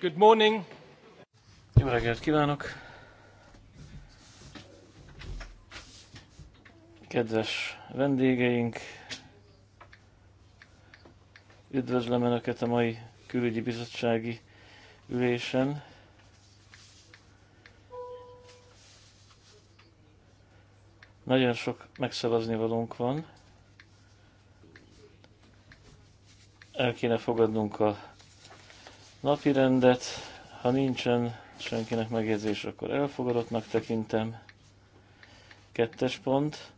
Good morning. Jó reggelt kívánok. Kedves vendégeink, üdvözlöm Önöket a mai külügyi bizottsági ülésen. Nagyon sok megszavazni valónk van. El kéne fogadnunk a napirendet. Ha nincsen senkinek megjegyzés, akkor elfogadottnak tekintem. Kettes pont,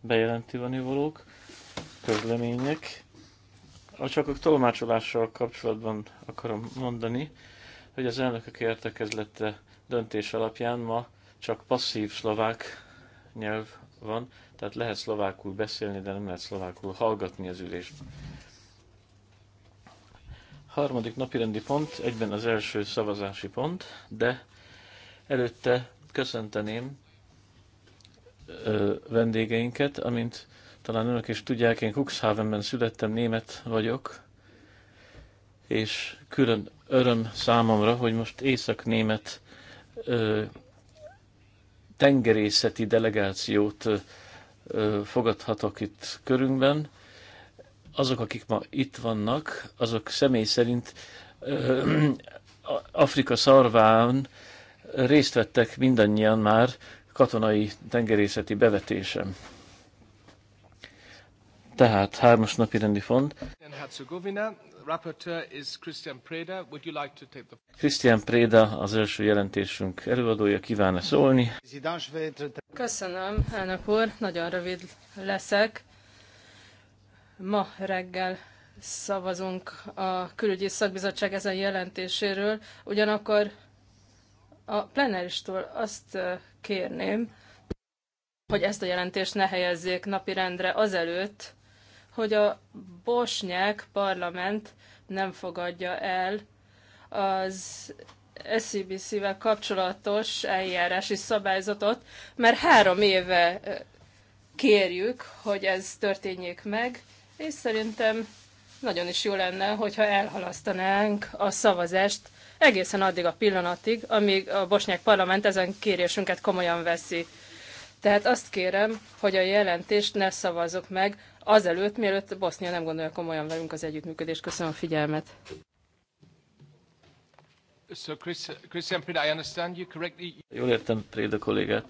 bejelenti van ivolók, közlemények. A csak a tolmácsolással kapcsolatban akarom mondani, hogy az elnökök értekezlete döntés alapján ma csak passzív szlovák nyelv van, tehát lehet szlovákul beszélni, de nem lehet szlovákul hallgatni az ülést harmadik napirendi pont, egyben az első szavazási pont, de előtte köszönteném ö, vendégeinket, amint talán önök is tudják, én Huxhavenben születtem, német vagyok, és külön öröm számomra, hogy most észak-német tengerészeti delegációt ö, fogadhatok itt körünkben azok, akik ma itt vannak, azok személy szerint ö, Afrika szarván részt vettek mindannyian már katonai tengerészeti bevetésem. Tehát hármas napi rendi font. Christian Preda. az első jelentésünk előadója, kíván-e szólni. Köszönöm, elnök úr, nagyon rövid leszek. Ma reggel szavazunk a külügyi szakbizottság ezen jelentéséről, ugyanakkor a plenáristól azt kérném, hogy ezt a jelentést ne helyezzék napirendre azelőtt, hogy a bosnyák parlament nem fogadja el az SCBC-vel kapcsolatos eljárási szabályzatot, mert három éve kérjük, hogy ez történjék meg, és szerintem nagyon is jó lenne, hogyha elhalasztanánk a szavazást egészen addig a pillanatig, amíg a bosnyák parlament ezen kérésünket komolyan veszi. Tehát azt kérem, hogy a jelentést ne szavazok meg azelőtt, mielőtt Bosznia nem gondolja komolyan velünk az együttműködést. Köszönöm a figyelmet. So Chris, Christian Prida, I understand you correctly. Jól értem Préda kollégát.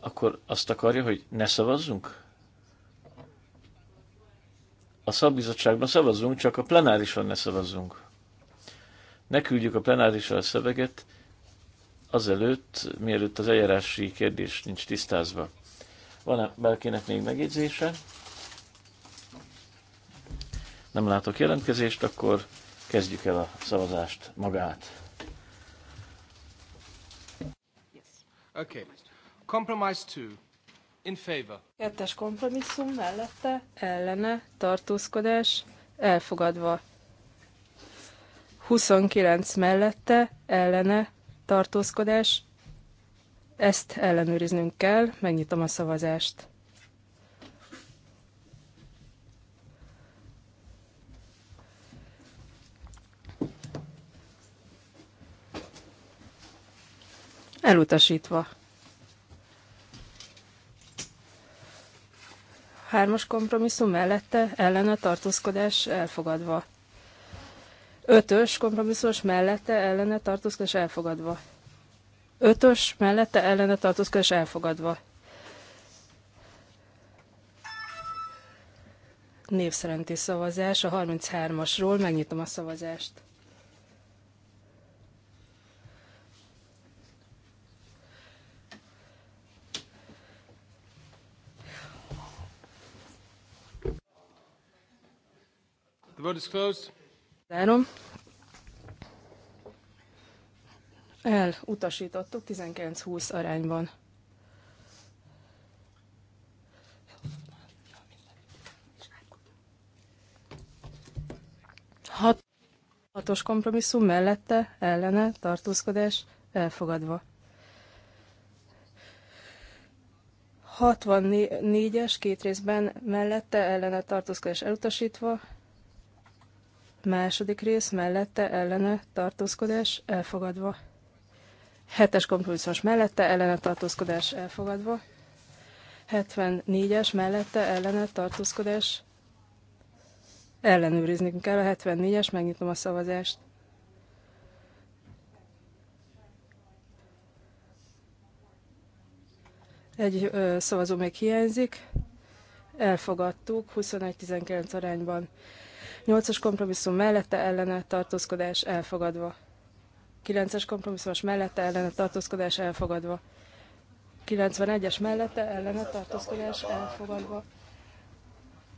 Akkor azt akarja, hogy ne szavazzunk? a szabbizottságban szavazunk, csak a plenárison ne szavazunk. Ne küldjük a plenárisra a szöveget, azelőtt, mielőtt az eljárási kérdés nincs tisztázva. Van-e bárkinek még megjegyzése? Nem látok jelentkezést, akkor kezdjük el a szavazást magát. Okay. Compromise two in favor. Kettes kompromisszum mellette ellene tartózkodás elfogadva. 29 mellette ellene tartózkodás. Ezt ellenőriznünk kell, megnyitom a szavazást. Elutasítva. Hármas kompromisszum mellette ellene tartózkodás elfogadva. Ötös kompromisszumos mellette ellene tartózkodás elfogadva. Ötös mellette ellene tartózkodás elfogadva. Név szerinti szavazás a 33-asról. Megnyitom a szavazást. The vote is closed. Zárom. Elutasítottuk 19-20 arányban. Hat, hatos kompromisszum mellette, ellene, tartózkodás, elfogadva. 64-es két részben mellette, ellene, tartózkodás elutasítva, Második rész mellette ellene tartózkodás elfogadva. Hetes kompromisszumos mellette ellene tartózkodás elfogadva. 74-es mellette ellene tartózkodás ellenőrizni kell. A 74-es, megnyitom a szavazást. Egy ö, szavazó még hiányzik. Elfogadtuk 21-19 arányban. Nyolcas kompromisszum mellette ellene tartózkodás elfogadva. Kilences kompromisszumos mellette ellene tartózkodás elfogadva. 91-es mellette ellene tartózkodás elfogadva.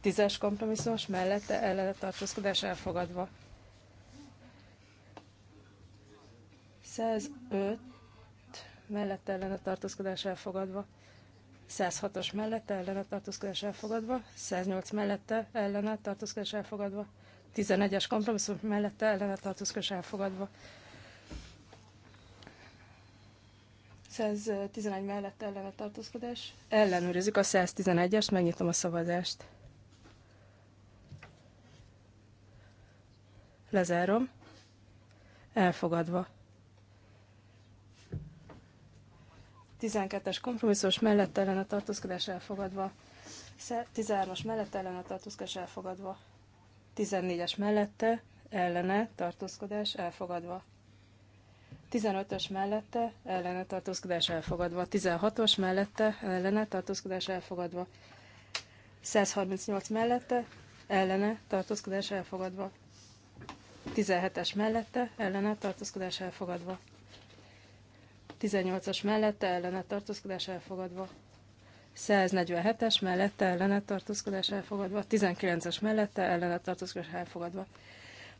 10-es kompromisszumos mellette ellene tartózkodás elfogadva. 105 mellette ellene tartózkodás elfogadva. 106-os mellette ellene tartózkodás elfogadva, 108 mellette ellene tartózkodás elfogadva, 11-es kompromisszum mellette ellene tartózkodás elfogadva. 111 mellett ellene tartózkodás. Ellenőrizzük a 111-est, megnyitom a szavazást. Lezárom. Elfogadva. 12-es kompromisszós mellett ellen a tartózkodás elfogadva. 13-as mellett ellen a tartózkodás elfogadva. 14-es mellette, ellene, tartózkodás elfogadva. 15-ös mellette ellene tartózkodás elfogadva, 16-os mellette ellene tartózkodás elfogadva, 138 mellette ellene tartózkodás elfogadva, 17-es mellette ellene tartózkodás elfogadva, 18-as mellette ellene tartózkodás elfogadva, 147-es mellette ellenetartózkodás elfogadva, 19-es mellette ellenetartózkodás elfogadva,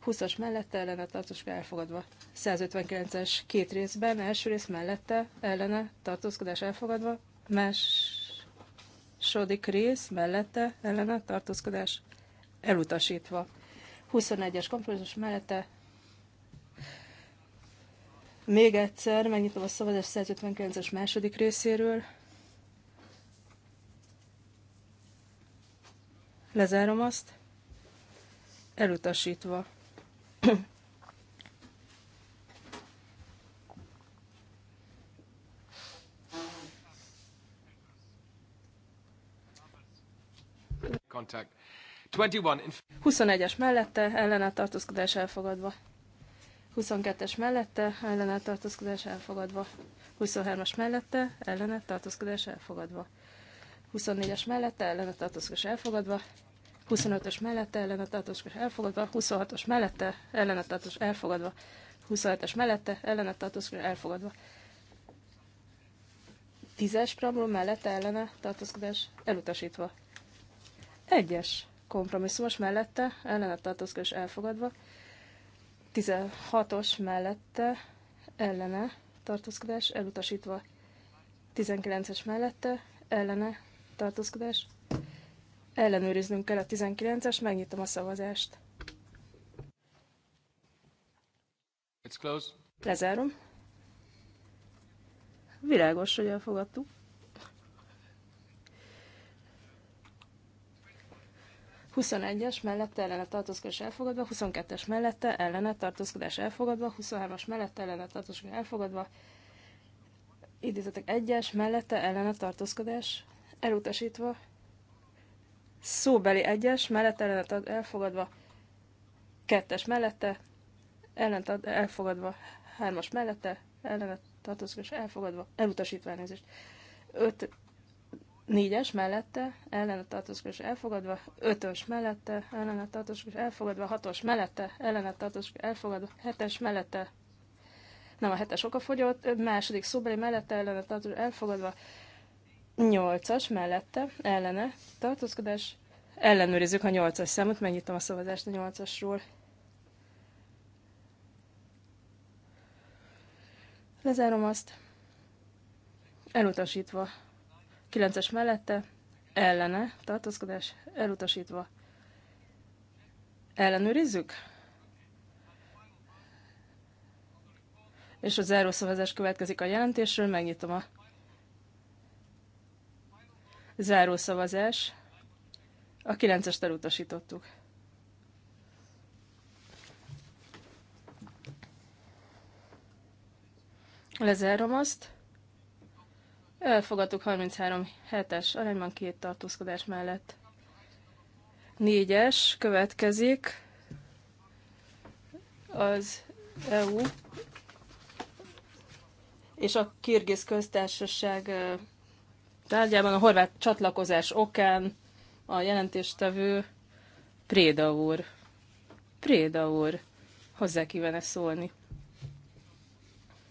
20-as mellette ellenetartózkodás elfogadva, 159-es két részben, első rész mellette ellenetartózkodás elfogadva, második rész mellette ellenetartózkodás elutasítva. 21-es kompromisszus mellette még egyszer megnyitom a szavazás 159-es második részéről, Lezárom azt. Elutasítva. Contact. 21-es mellette, ellenállt tartózkodás elfogadva. 22-es mellette, ellenállt tartózkodás elfogadva. 23-as mellette, ellenállt tartózkodás elfogadva. 24-es mellette ellene tartózkodás elfogadva, 25-ös mellette ellene tartózkodás elfogadva, 26-os mellette ellene tartózkodás elfogadva, 27-es mellette ellene tartózkodás elfogadva. 10-es preambul mellette ellene tartózkodás elutasítva. 1-es kompromisszumos mellette ellene tartózkodás elfogadva. 16-os mellette ellene tartózkodás elutasítva. 19-es mellette ellene tartózkodás. Ellenőriznünk kell a 19-es, megnyitom a szavazást. It's closed. Lezárom. Világos, hogy elfogadtuk. Huszonegyes mellette ellene tartózkodás elfogadva, 22-es mellette ellene tartózkodás elfogadva, 23-as mellette ellene tartózkodás elfogadva, idézetek 1-es mellette ellene tartózkodás elutasítva, szóbeli egyes, mellette ad elfogadva, kettes mellette, ad elfogadva, hármas mellette, ellenet tartózkodás elfogadva, elutasítva elnézést. Öt, négyes mellette, ellene tartózkodás elfogadva, ötös mellette, ellene tartózkodás elfogadva, hatos mellette, ellene tartózkodás elfogadva, hetes mellette, nem a hetes okafogyott, második szóbeli mellette ellenet tartózkodás elfogadva, 8-as mellette, ellene, tartózkodás, ellenőrizzük a 8-as számot, megnyitom a szavazást a 8-asról. Lezárom azt. Elutasítva. 9-es mellette, ellene, tartózkodás, elutasítva. Ellenőrizzük? És a szavazás következik a jelentésről, megnyitom a Záró szavazás. A 9-est elutasítottuk. Lezárom azt. Elfogadtuk 33 hetes arányban két tartózkodás mellett. Négyes következik az EU és a Kirgiz köztársaság tárgyában a horvát csatlakozás okán a jelentéstevő Préda úr. Préda úr. Hozzá kívánne szólni.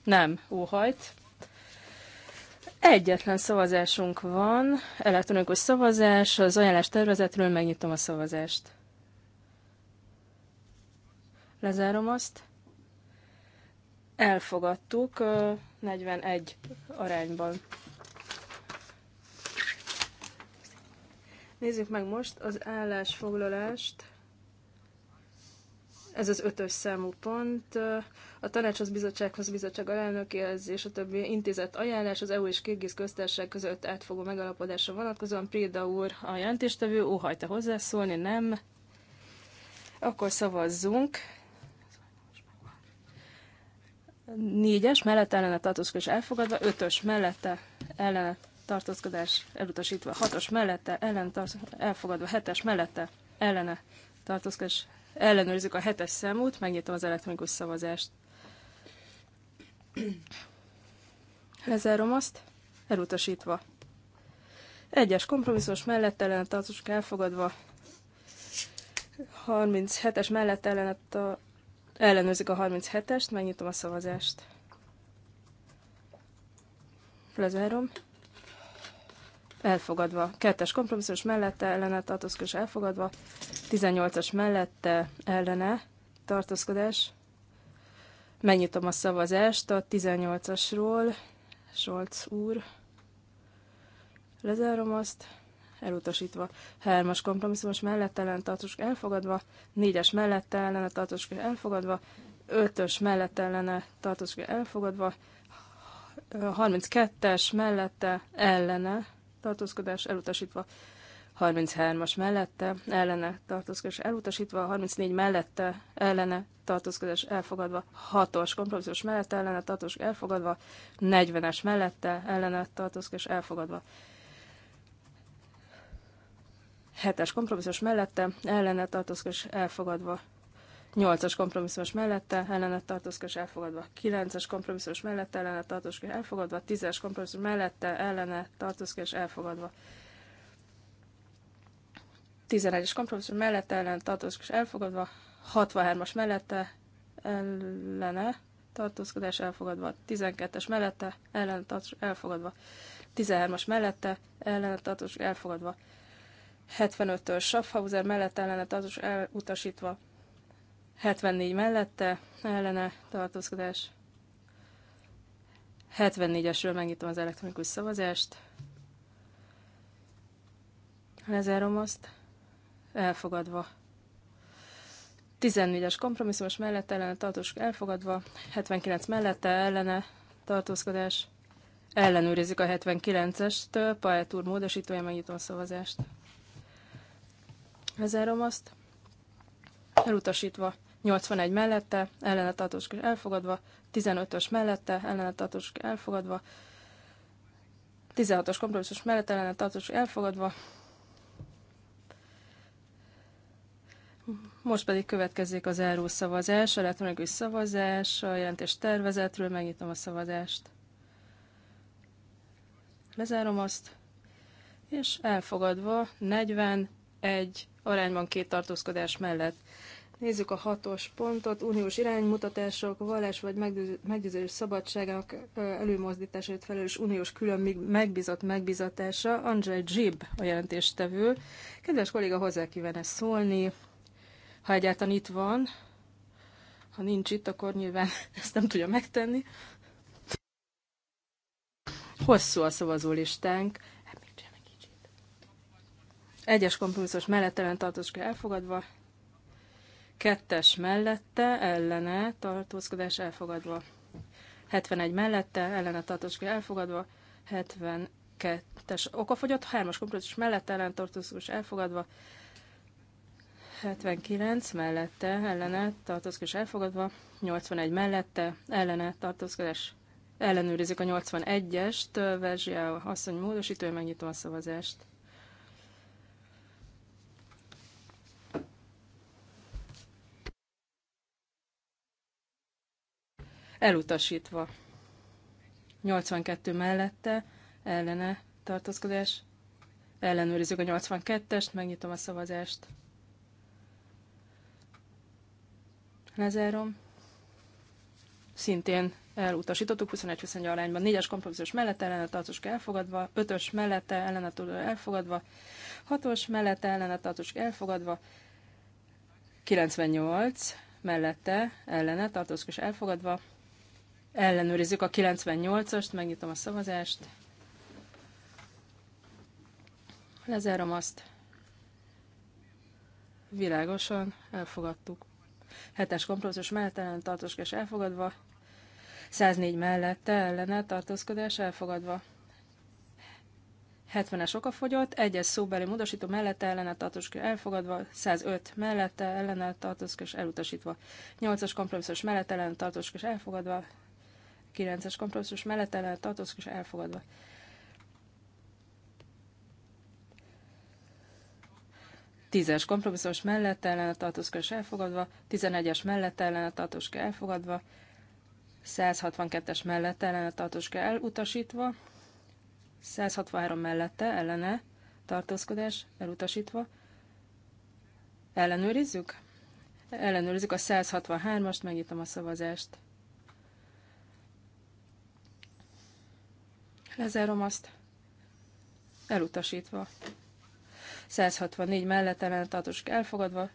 Nem, óhajt. Egyetlen szavazásunk van, elektronikus szavazás, az ajánlás tervezetről megnyitom a szavazást. Lezárom azt. Elfogadtuk 41 arányban. Nézzük meg most az állásfoglalást. Ez az ötös számú pont. A tanácshoz, bizottsághoz, bizottság alelnökéhez és a többi intézet ajánlás az EU és Kirgiz köztársaság között átfogó megalapodásra vonatkozóan. Préda úr a jelentéstevő, óhajta hozzászólni, nem? Akkor szavazzunk. Négyes mellett ellene tartózkodás elfogadva, ötös mellette ellene tartózkodás elutasítva, 6-os mellette, ellen elfogadva, 7-es mellette, ellene tartózkodás. Ellenőrizzük a 7-es számút, megnyitom az elektronikus szavazást. Lezárom azt, elutasítva. Egyes kompromisszós mellette ellen tartózkodás elfogadva, 37-es mellett ellen a... ellenőrzik a 37-est, megnyitom a szavazást. Lezárom elfogadva. Kettes kompromisszus mellette ellene tartózkodás elfogadva. 18-as mellette ellene tartózkodás. Megnyitom a szavazást a 18-asról. Solc úr. Lezárom azt. Elutasítva. Hármas kompromisszumos mellette ellen tartós elfogadva. Négyes mellette ellene tartós elfogadva. Ötös mellette ellene tartós elfogadva. 32-es mellette ellene tartózkodás elutasítva. 33-as mellette, ellene tartózkodás elutasítva, 34 mellette, ellene tartózkodás elfogadva, 6-os kompromisszus mellette, ellene tartózkodás elfogadva, 40-es mellette, ellene tartózkodás elfogadva. 7-es kompromisszus mellette, ellene tartózkodás elfogadva, 8-as kompromisszumos mellette ellenet tartózkodás elfogadva, 9-es kompromisszumos mellette ellenet tartózkodás elfogadva, 10-es kompromisszumos mellette ellenet tartózkodás elfogadva. 11-es kompromisszum mellette ellen tartózkodás elfogadva, 63-as mellette ellene tartózkodás elfogadva, 12-es mellette ellen tartózkodás elfogadva, 13-as mellette ellen tartózkodás elfogadva, 75-ös Schaffhauser mellett ellene tartózkodás elutasítva, 74 mellette, ellene tartózkodás. 74-esről megnyitom az elektronikus szavazást. Lezárom azt. Elfogadva. 14-es kompromisszumos mellette ellene tartózkodás elfogadva, 79 mellette ellene tartózkodás. Ellenőrizik a 79-est, Paet úr módosítója, megnyitom a szavazást. Lezárom azt. Elutasítva. 81 mellette, ellene tartózkodik elfogadva, 15-ös mellette, ellene tartózkodik elfogadva, 16-os kompromisszus mellett ellene tartózkodik elfogadva. Most pedig következik az elró szavazás, a elektronikus szavazás, a jelentés tervezetről, megnyitom a szavazást. Lezárom azt, és elfogadva 41 arányban két tartózkodás mellett. Nézzük a hatos pontot, uniós iránymutatások, vallás vagy meggyőződés szabadságának előmozdításért felelős uniós külön megbizott megbizatása. Andrzej Zsib a jelentéstevő. Kedves kolléga, hozzá kívánne szólni, ha egyáltalán itt van. Ha nincs itt, akkor nyilván ezt nem tudja megtenni. Hosszú a szavazólistánk. Hát, Egyes kompromisszus mellett ellen tartózkodik elfogadva, Kettes mellette, ellene tartózkodás elfogadva. 71 mellette, ellene tartózkodás elfogadva. 72-es okafogyott, 3-as kompromisszus mellette, ellen tartózkodás elfogadva. 79 mellette, ellene tartózkodás elfogadva. 81 mellette, ellene tartózkodás ellenőrizik a 81-est, Verzsia asszony módosítója, megnyitom a szavazást. elutasítva. 82 mellette, ellene tartózkodás, ellenőrizzük a 82-est, megnyitom a szavazást. Lezárom. Szintén elutasítottuk 21-21 arányban. 4-es kompromisszus mellette ellene tartósk elfogadva, 5-ös mellette ellene elfogadva, 6-os mellette ellene tartósk elfogadva, 98 mellette ellene tartózkodás elfogadva, Ellenőrizzük a 98-ast, megnyitom a szavazást. Lezárom azt. Világosan elfogadtuk. Hetes kompromisszus mellett ellen tartózkodás elfogadva. 104 mellette ellene tartózkodás elfogadva. 70-es okafogyott, egyes szóbeli módosító mellette ellene tartózkodás elfogadva, 105 mellette ellene tartózkodás elutasítva, 8-as kompromisszus mellette ellene tartózkodás elfogadva, 9-es kompromisszus mellett tartózkodni, és elfogadva. Tízes kompromisszumos mellett ellen tartózkodás elfogadva, 11-es mellett ellen tartózkodás elfogadva, 162-es mellett ellen a tartózkodás elutasítva, 163 mellette ellene tartózkodás elutasítva. Ellenőrizzük? Ellenőrizzük a 163-ast, megnyitom a szavazást. Lezárom azt. Elutasítva. 164 mellett ellenetartósok elfogadva.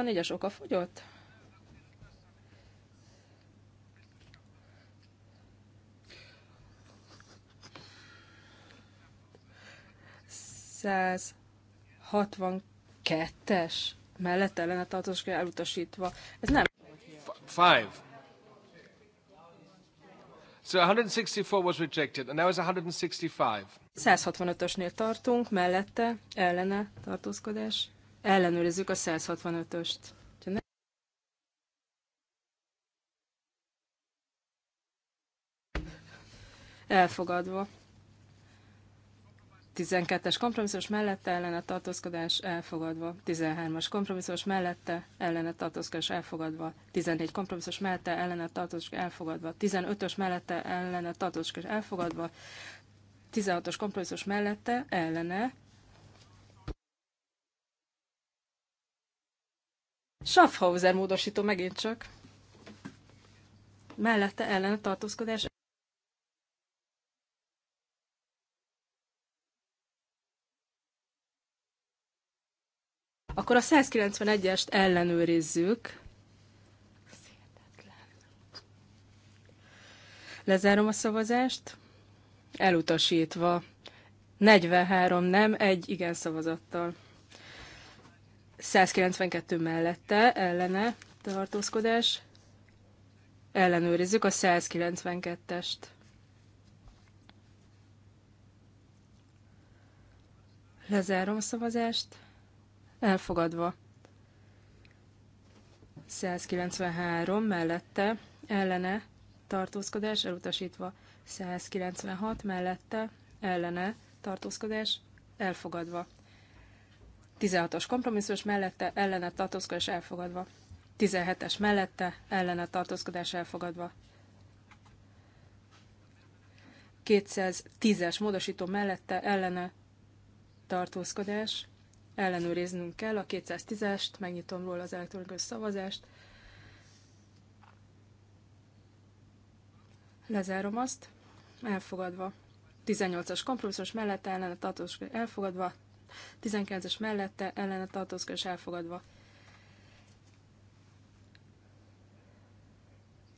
es oka fogyott? Száz hatvan kettes mellett ellene tartózkodik elutasítva. Ez nem. Five. So 164 was rejected, and now is 165. 165-ösnél tartunk, mellette ellene tartózkodás. Ellenőrizzük a 165-öst. Elfogadva. 12-es kompromisszós mellette ellene tartózkodás elfogadva, 13-as kompromisszós mellette ellene tartózkodás elfogadva, 14 kompromisszós mellette ellene tartózkodás elfogadva, 15-ös mellette ellene tartózkodás elfogadva, 16-os kompromisszós mellette ellene Schaffhauser módosító megint csak. Mellette ellene tartózkodás Akkor a 191-est ellenőrizzük. Lezárom a szavazást. Elutasítva. 43 nem, egy igen szavazattal. 192 mellette, ellene tartózkodás. Ellenőrizzük a 192-est. Lezárom a szavazást elfogadva. 193 mellette ellene tartózkodás elutasítva. 196 mellette ellene tartózkodás elfogadva. 16-os kompromisszus mellette ellene tartózkodás elfogadva. 17-es mellette ellene tartózkodás elfogadva. 210-es módosító mellette ellene tartózkodás ellenőriznünk kell a 210-est, megnyitom róla az elektronikus szavazást, lezárom azt, elfogadva. 18-as kompromisszus mellette ellene tartózkodás elfogadva, 19-es mellette ellene tartózkodás elfogadva.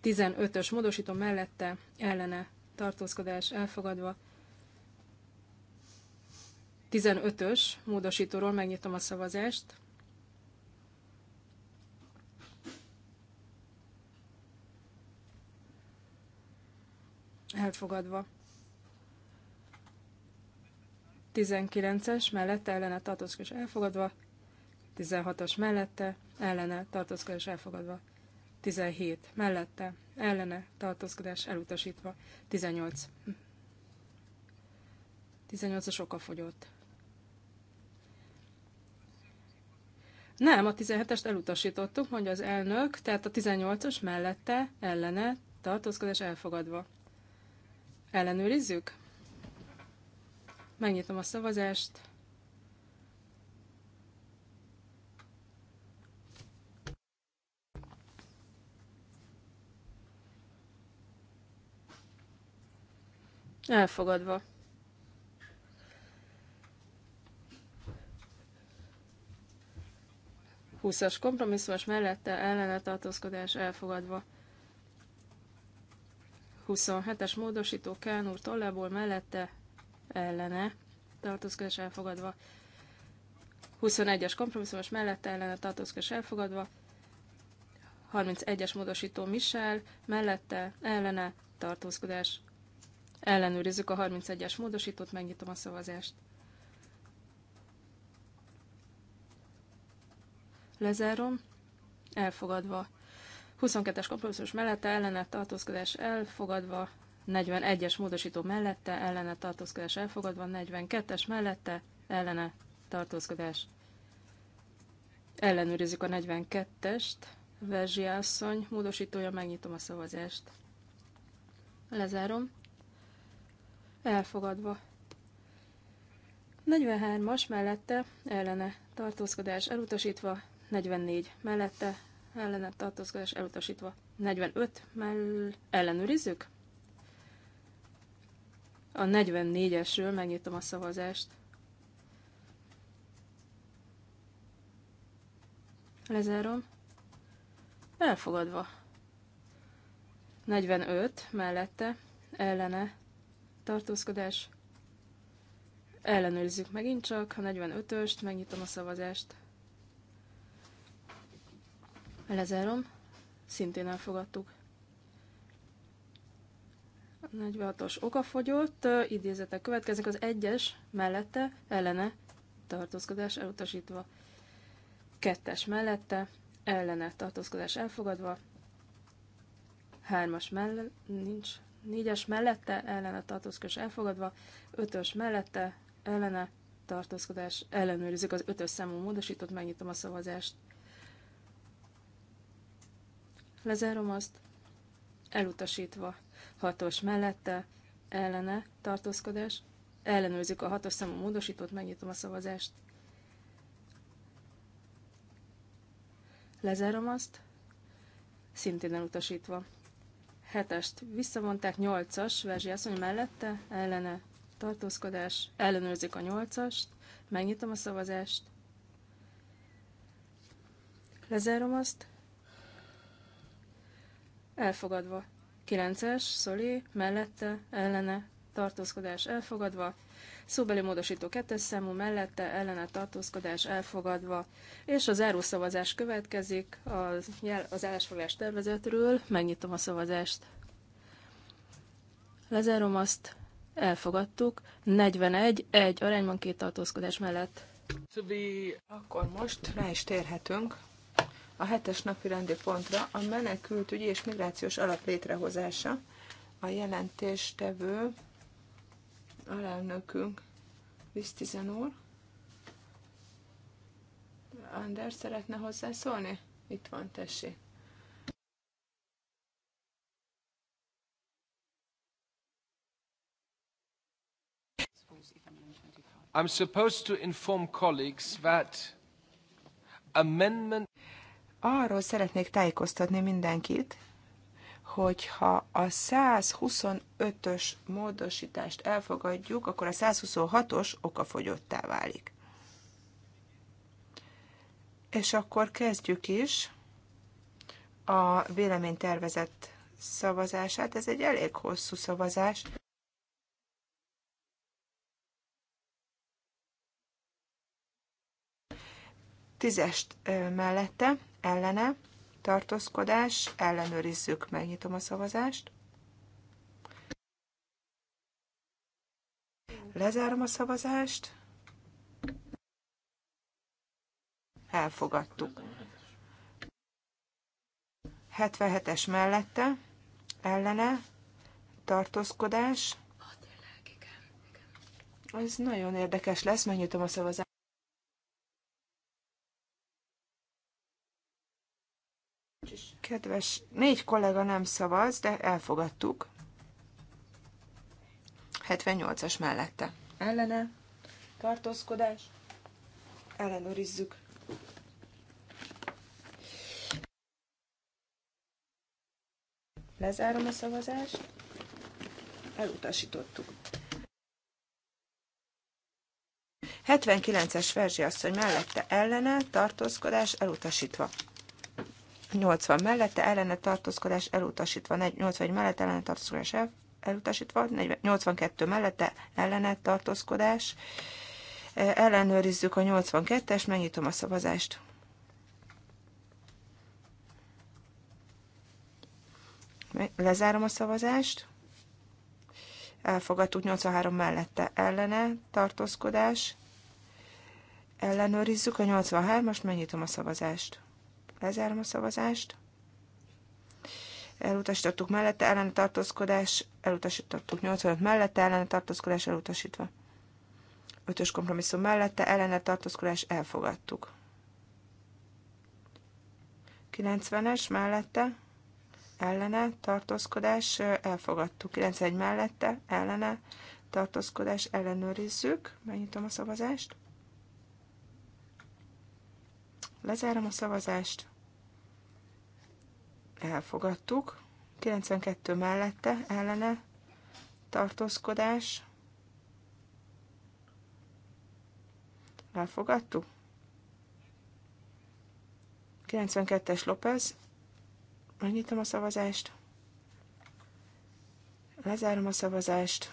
15-ös módosító mellette ellene tartózkodás elfogadva, 15-ös módosítóról megnyitom a szavazást. Elfogadva. 19-es mellette ellene tartózkodás elfogadva, 16-os mellette ellene tartózkodás elfogadva, 17 mellette ellene tartózkodás elutasítva, 18. 18-as fogyott. Nem, a 17-est elutasítottuk, mondja az elnök, tehát a 18-os mellette ellene tartózkodás elfogadva. Ellenőrizzük? Megnyitom a szavazást. Elfogadva. 20-as kompromisszumos mellette ellene tartózkodás elfogadva. 27-es módosító Kán úr tollából mellette ellene tartózkodás elfogadva. 21-es kompromisszumos mellette ellene tartózkodás elfogadva. 31-es módosító Michel mellette ellene tartózkodás. Ellenőrizzük a 31-es módosítót, megnyitom a szavazást. Lezárom. Elfogadva. 22-es kompromisszus mellette ellene tartózkodás elfogadva. 41-es módosító mellette ellene tartózkodás elfogadva. 42-es mellette ellene tartózkodás. Ellenőrizzük a 42-est. Verzsi asszony módosítója, megnyitom a szavazást. Lezárom. Elfogadva. 43-as mellette ellene tartózkodás elutasítva, 44 mellette, ellene tartózkodás elutasítva. 45 mell... ellenőrizzük? A 44-esről megnyitom a szavazást. Lezárom. Elfogadva. 45 mellette, ellene tartózkodás. Ellenőrizzük megint csak a 45-öst, megnyitom a szavazást. Lezárom. Szintén elfogadtuk. A 46-os okafogyott, idézetek következnek, az egyes mellette, ellene, tartózkodás elutasítva. Kettes mellette, ellene, tartózkodás elfogadva. Hármas mellette, nincs, négyes mellette, ellene, tartózkodás elfogadva. Ötös mellette, ellene, tartózkodás ellenőrizik az ötös számú módosított, megnyitom a szavazást. Lezárom azt. Elutasítva. Hatos mellette, ellene, tartózkodás. Ellenőrzik a hatos számú módosítót, megnyitom a szavazást. Lezárom azt. Szintén elutasítva. Hetest visszavonták, nyolcas, Verzsi asszony mellette, ellene, tartózkodás, ellenőrzik a nyolcast, megnyitom a szavazást. Lezárom azt elfogadva. 9-es, Szolé, mellette, ellene, tartózkodás elfogadva, szóbeli módosító kettes számú mellette ellene tartózkodás elfogadva, és a zárószavazás következik az, az állásfoglalás tervezetről, megnyitom a szavazást. Lezárom azt, elfogadtuk, 41, egy arányban két tartózkodás mellett. Akkor most rá is térhetünk a hetes napi rendi pontra a menekültügyi és migrációs alap létrehozása. A jelentéstevő alelnökünk Visztizen úr. Ander szeretne hozzászólni? Itt van, tessék. I'm supposed to inform colleagues that amendment Arról szeretnék tájékoztatni mindenkit, hogyha a 125-ös módosítást elfogadjuk, akkor a 126-os okafogyottá válik. És akkor kezdjük is a véleménytervezett szavazását. Ez egy elég hosszú szavazás. Tízest mellette ellene, tartózkodás, ellenőrizzük, megnyitom a szavazást. Lezárom a szavazást. Elfogadtuk. 77-es mellette, ellene, tartózkodás. Ez nagyon érdekes lesz, megnyitom a szavazást. Kedves, négy kollega nem szavaz, de elfogadtuk. 78-as mellette. Ellene. Tartózkodás. Ellenőrizzük. Lezárom a szavazást. Elutasítottuk. 79-es Ferzsi asszony mellette ellene, tartózkodás elutasítva. 80 mellette ellene tartózkodás elutasítva, 81 mellette ellene tartózkodás el, elutasítva, 82 e, mellette ellene tartózkodás. Ellenőrizzük a 82-es, megnyitom a szavazást. Lezárom a szavazást. Elfogadtuk 83 mellette ellene tartózkodás. Ellenőrizzük a 83-ast, megnyitom a szavazást. Lezárom a szavazást. Elutasítottuk mellette ellen tartózkodás, elutasítottuk 85 mellette ellen tartózkodás elutasítva. Ötös kompromisszum mellette ellen tartózkodás elfogadtuk. 90-es mellette ellene tartózkodás elfogadtuk. 91 mellette ellene tartózkodás ellenőrizzük. Megnyitom a szavazást. Lezárom a szavazást. Elfogadtuk. 92 mellette, ellene, tartózkodás. Elfogadtuk. 92-es López. Megnyitom a szavazást. Lezárom a szavazást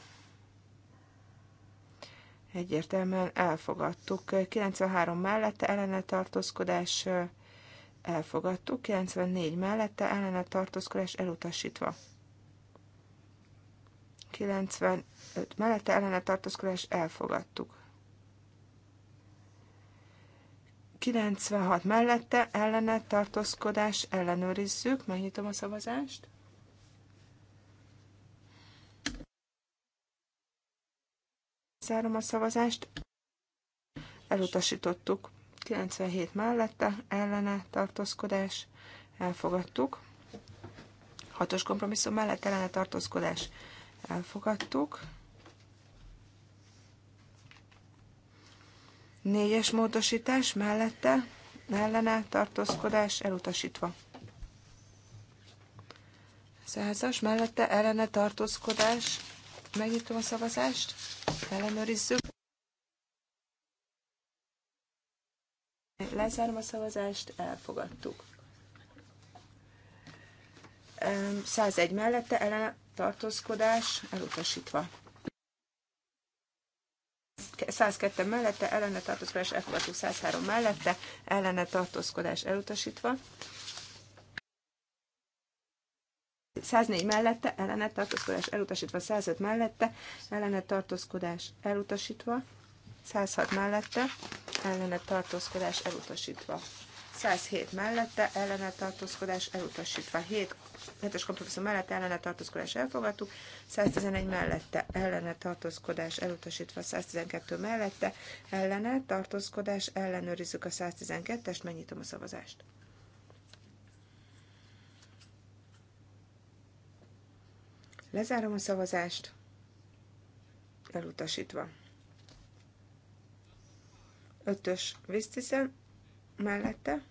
egyértelműen elfogadtuk. 93 mellette ellene tartózkodás elfogadtuk, 94 mellette ellene tartózkodás elutasítva. 95 mellette ellene tartózkodás elfogadtuk. 96 mellette ellene tartózkodás ellenőrizzük, megnyitom a szavazást. Zárom a szavazást. Elutasítottuk. 97 mellette, ellene, tartózkodás. Elfogadtuk. 6-os kompromisszum mellett ellene tartózkodás. Elfogadtuk. 4-es módosítás mellette, ellene, tartózkodás elutasítva. 100-as mellette ellene tartózkodás Megnyitom a szavazást, ellenőrizzük. Lezárom a szavazást, elfogadtuk. 101 mellette ellen tartózkodás elutasítva. 102 mellette ellene tartózkodás elfogadtuk, 103 mellette ellene tartózkodás elutasítva. 104 mellette, ellenet tartózkodás elutasítva, 105 mellette, ellenet tartózkodás elutasítva, 106 mellette, ellenet tartózkodás elutasítva. 107 mellette, ellenet tartózkodás elutasítva. 7, 7-es kompromisszum mellett ellene tartózkodás elfogadtuk. 111 mellette, ellene tartózkodás elutasítva. 112 mellette, ellene tartózkodás ellenőrizzük a 112-est, megnyitom a szavazást. Lezárom a szavazást. Elutasítva. Ötös Visztiszen mellette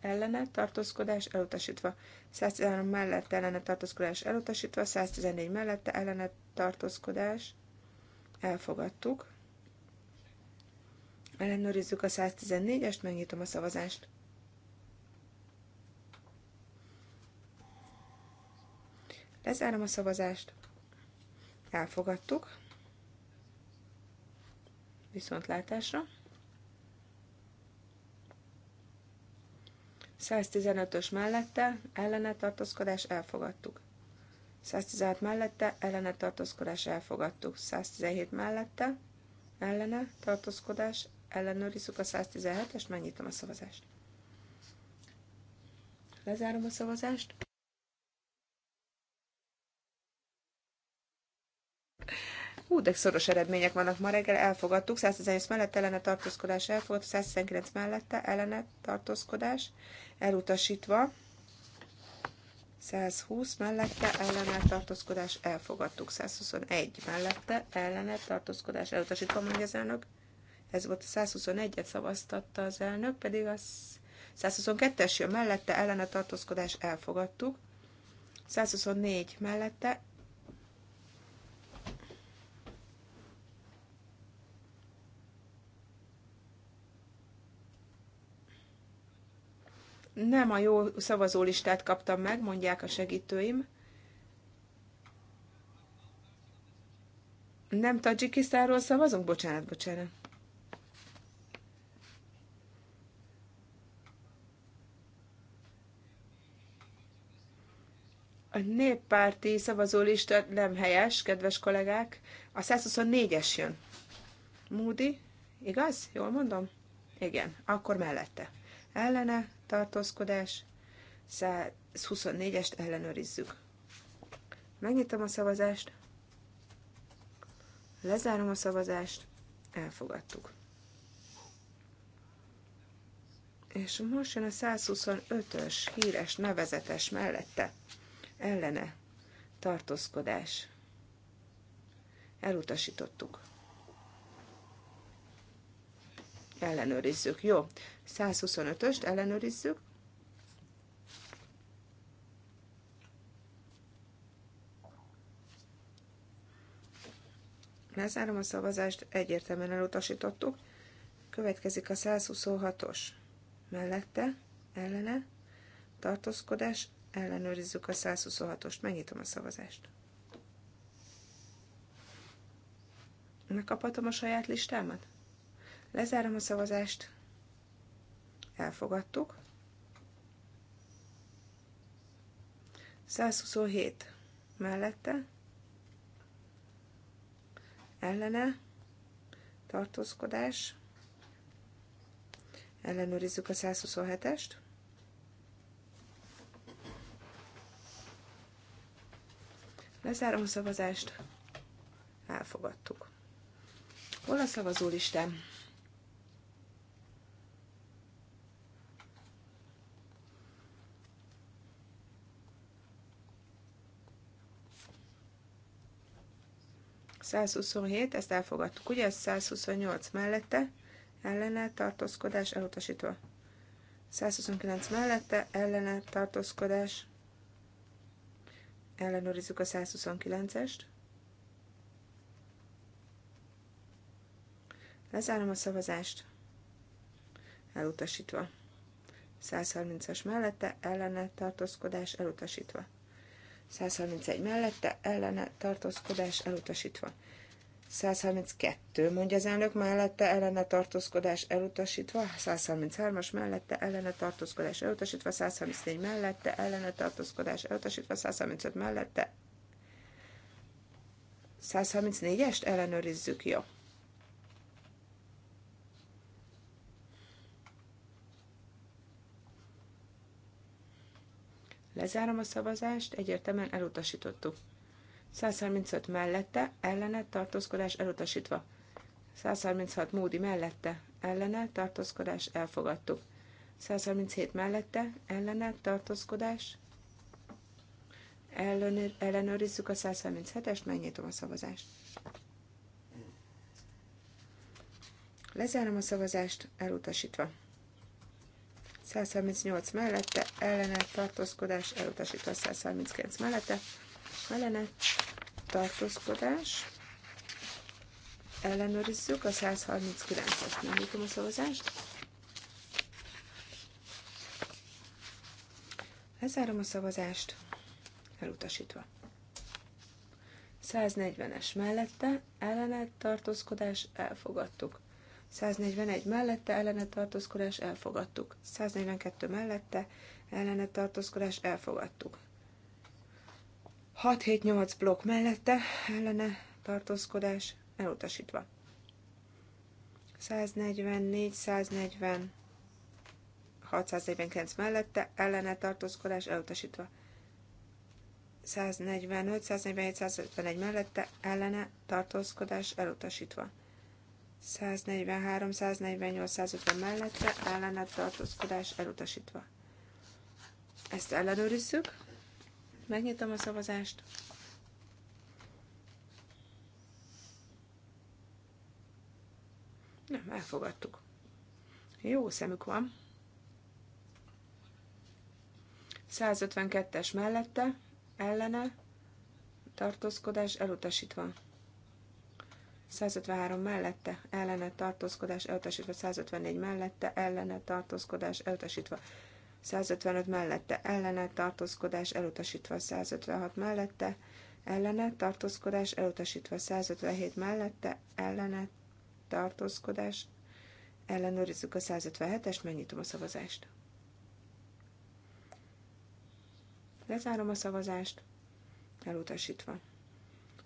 ellene tartózkodás elutasítva. 113 mellette ellene tartózkodás elutasítva, 114 mellette ellene tartózkodás elfogadtuk. Ellenőrizzük a 114-est, megnyitom a szavazást. Lezárom a szavazást. Elfogadtuk. Viszontlátásra. 115-ös mellette ellene tartózkodás elfogadtuk. 116 mellette ellene tartózkodás elfogadtuk. 117 mellette ellene tartózkodás ellenőrizzük a 117-est, megnyitom a szavazást. Lezárom a szavazást. Hú, de szoros eredmények vannak ma reggel, elfogadtuk, 118 mellett ellene tartózkodás elfogadt, 119 mellette ellene tartózkodás elutasítva, 120 mellette ellene tartózkodás elfogadtuk, 121 mellette ellene tartózkodás elutasítva, mondja az elnök. Ez volt a 121-et szavaztatta az elnök, pedig a 122-es jön mellette ellene tartózkodás elfogadtuk, 124 mellette Nem a jó szavazólistát kaptam meg, mondják a segítőim. Nem Tajikisztáról szavazunk? Bocsánat, bocsánat. A néppárti szavazólista nem helyes, kedves kollégák. A 124-es jön. Moody, igaz? Jól mondom? Igen, akkor mellette. Ellene tartózkodás, 124-est ellenőrizzük. Megnyitom a szavazást, lezárom a szavazást, elfogadtuk. És most jön a 125-ös híres nevezetes mellette, ellene, tartózkodás. Elutasítottuk ellenőrizzük, jó? 125-öst ellenőrizzük. Lezárom a szavazást, egyértelműen elutasítottuk. Következik a 126-os mellette, ellene, tartózkodás, ellenőrizzük a 126-ost, megnyitom a szavazást. Megkaphatom a saját listámat? Lezárom a szavazást elfogadtuk. 127 mellette, ellene, tartózkodás, ellenőrizzük a 127-est, lezárom a szavazást, elfogadtuk. Hol a szavazólistám? 127, ezt elfogadtuk, ugye? ez 128 mellette, ellene tartózkodás elutasítva. 129 mellette, ellene tartózkodás. Ellenőrizzük a 129-est. Lezárom a szavazást. Elutasítva. 130-as mellette, ellene tartózkodás elutasítva. 131 mellette, ellene tartózkodás elutasítva. 132 mondja az elnök mellette, ellene tartózkodás elutasítva. 133-as mellette, ellene tartózkodás elutasítva. 134 mellette, ellene tartózkodás elutasítva. 135 mellette. 134-est ellenőrizzük, jó. Lezárom a szavazást, egyértelműen elutasítottuk. 135 mellette, ellene, tartózkodás elutasítva. 136 Módi mellette, ellene, tartózkodás elfogadtuk. 137 mellette, ellene, tartózkodás. Ellenőr, ellenőrizzük a 137-est, megnyitom a szavazást. Lezárom a szavazást, elutasítva. 138 mellette, ellene tartózkodás, elutasítva 139 mellette, ellene tartózkodás, ellenőrizzük a 139-est, megnyitom a szavazást, lezárom a szavazást, elutasítva. 140-es mellette, ellene tartózkodás, elfogadtuk. 141 mellette ellene tartózkodás elfogadtuk. 142 mellette ellene tartózkodás elfogadtuk. 6-7-8 blokk mellette ellene tartózkodás elutasítva. 144, 140, 649 mellette ellene tartózkodás elutasítva. 145, 147, 151 mellette ellene tartózkodás elutasítva. 143, 148, 150 mellette ellene tartózkodás elutasítva. Ezt ellenőrizzük. Megnyitom a szavazást. Nem, elfogadtuk. Jó szemük van. 152-es mellette, ellene, tartózkodás elutasítva. 153 mellette ellene tartózkodás elutasítva, 154 mellette ellene tartózkodás elutasítva, 155 mellette ellene tartózkodás elutasítva, 156 mellette ellene tartózkodás elutasítva, 157 mellette ellene tartózkodás ellenőrizzük a 157 es megnyitom a szavazást. Lezárom a szavazást, elutasítva.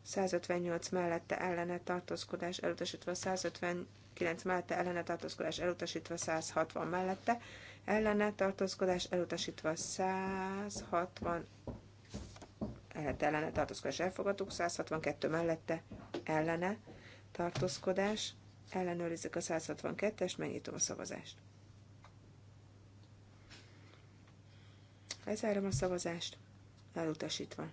158 mellette ellene tartózkodás elutasítva, 159 mellette ellene tartózkodás elutasítva, 160 mellette ellene tartózkodás elutasítva, 160 mellette ellene tartózkodás elfogadtuk, 162 mellette ellene tartózkodás, ellenőrizzük a 162-est, megnyitom a szavazást. Lezárom a szavazást, elutasítva.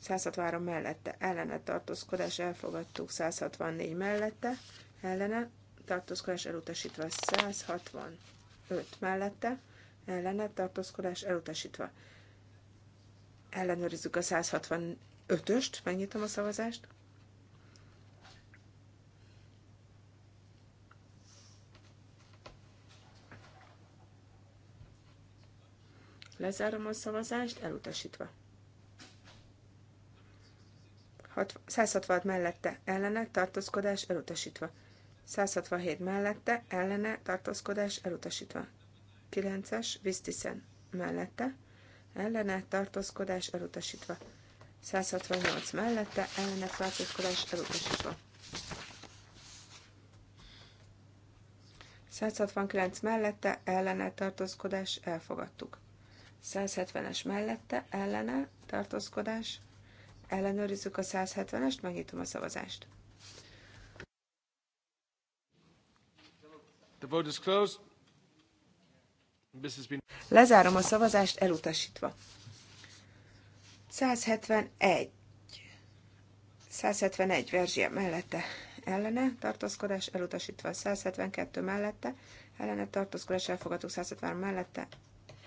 163 mellette ellene tartózkodás elfogadtuk, 164 mellette ellene tartózkodás elutasítva, 165 mellette ellene tartózkodás elutasítva. Ellenőrizzük a 165-öst, megnyitom a szavazást. Lezárom a szavazást, elutasítva. 166 mellette ellene tartózkodás elutasítva. 167 mellette ellene tartózkodás elutasítva. 9-es Vistisen mellette ellene tartózkodás elutasítva. 168 mellette ellene tartózkodás elutasítva. 169 mellette ellene tartózkodás elfogadtuk. 170-es mellette ellene tartózkodás Ellenőrizzük a 170-est, megnyitom a szavazást. The vote is closed. This has been... Lezárom a szavazást elutasítva. 171. 171 verzsia mellette ellene, tartózkodás elutasítva 172 mellette, ellene tartózkodás elfogadtuk 173 mellette,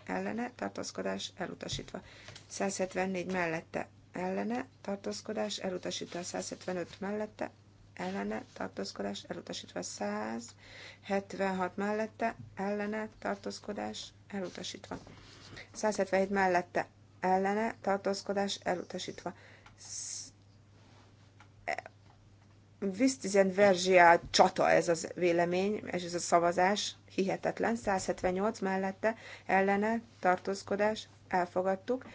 ellene tartózkodás elutasítva 174 mellette, ellene tartózkodás elutasítva 175 mellette, ellene tartózkodás elutasítva 176 mellette, ellene tartózkodás elutasítva. 177 mellette, ellene tartózkodás elutasítva. Visztizen Verzsia csata ez az vélemény, és ez a szavazás hihetetlen. 178 mellette, ellene tartózkodás elfogadtuk.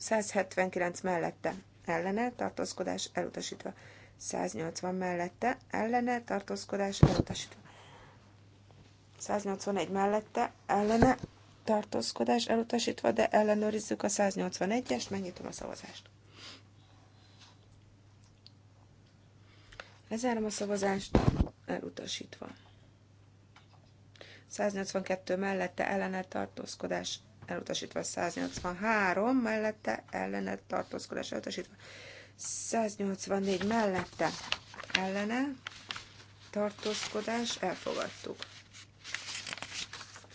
179 mellette ellene tartózkodás elutasítva. 180 mellette ellene tartózkodás elutasítva. 181 mellette ellene tartózkodás elutasítva, de ellenőrizzük a 181-est, megnyitom a szavazást. Lezárom a szavazást, elutasítva. 182 mellette ellene tartózkodás elutasítva 183 mellette, ellene tartózkodás elutasítva 184 mellette, ellene tartózkodás elfogadtuk.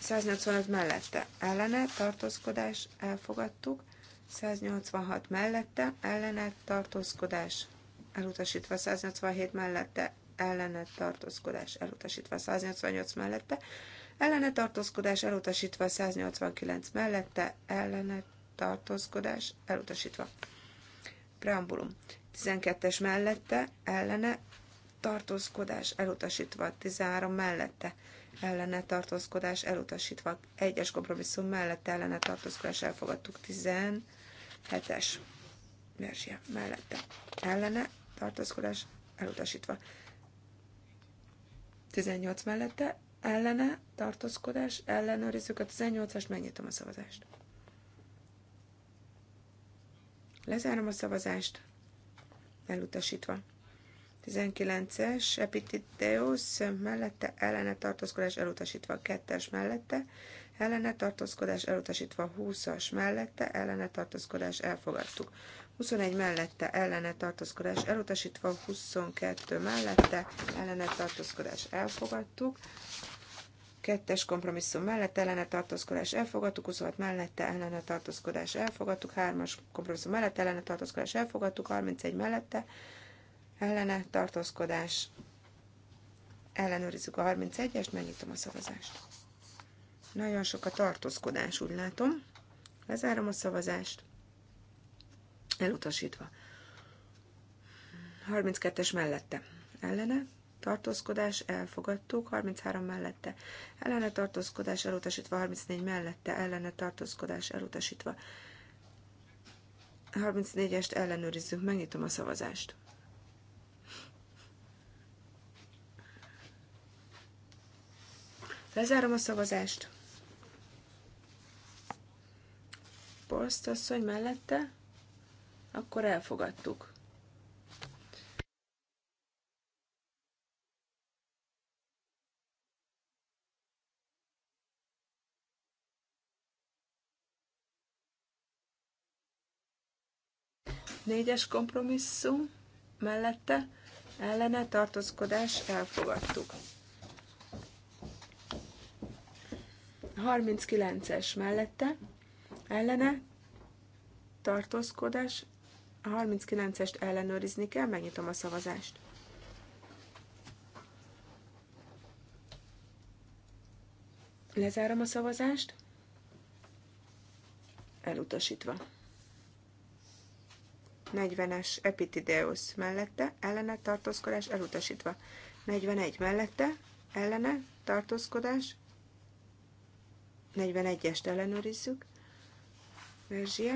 185 mellette, ellene tartózkodás elfogadtuk. 186 mellette, ellene tartózkodás elutasítva 187 mellette, ellene tartózkodás elutasítva 188 mellette, ellene tartózkodás elutasítva 189 mellette, ellene tartózkodás elutasítva. Preambulum. 12-es mellette, ellene tartózkodás elutasítva, 13 mellette ellene tartózkodás elutasítva, 1-es kompromisszum mellette ellene tartózkodás elfogadtuk, 17-es versia mellette ellene tartózkodás elutasítva, 18 mellette ellene, tartózkodás, ellenőrizzük a 18 as megnyitom a szavazást. Lezárom a szavazást, elutasítva. 19-es, Epitideus mellette, ellene tartózkodás elutasítva, 2-es mellette, ellene tartózkodás elutasítva, 20-as mellette, ellene tartózkodás elfogadtuk. 21 mellette ellene tartózkodás elutasítva, 22 mellette ellene tartózkodás elfogadtuk, kettes kompromisszum mellett ellene tartózkodás elfogadtuk, 26 mellette ellene tartózkodás elfogadtuk, 3-as kompromisszum mellett ellene tartózkodás elfogadtuk, 31 mellette ellene tartózkodás ellenőrizzük a 31-est, megnyitom a szavazást. Nagyon sok a tartózkodás, úgy látom. Lezárom a szavazást. Elutasítva. 32-es mellette. Ellene tartózkodás elfogadtuk, 33 mellette ellene tartózkodás elutasítva, 34 mellette ellene tartózkodás elutasítva. 34-est ellenőrizzük, megnyitom a szavazást. Lezárom a szavazást. Polszt asszony mellette, akkor elfogadtuk. Négyes kompromisszum mellette ellene tartózkodás elfogadtuk. 39-es mellette ellene tartózkodás. A 39-est ellenőrizni kell, megnyitom a szavazást. Lezárom a szavazást. Elutasítva. 40-es Epitideus mellette, ellene tartózkodás elutasítva. 41 mellette, ellene tartózkodás, 41-est ellenőrizzük. Verzsia.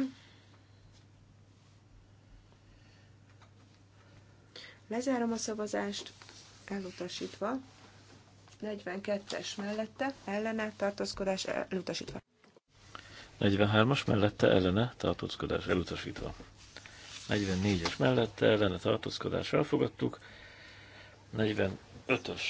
Lezárom a szavazást, elutasítva. 42-es mellette, ellene tartózkodás elutasítva. 43-as mellette, ellene tartózkodás elutasítva. 44-es mellette ellene tartózkodás elfogadtuk, 45-ös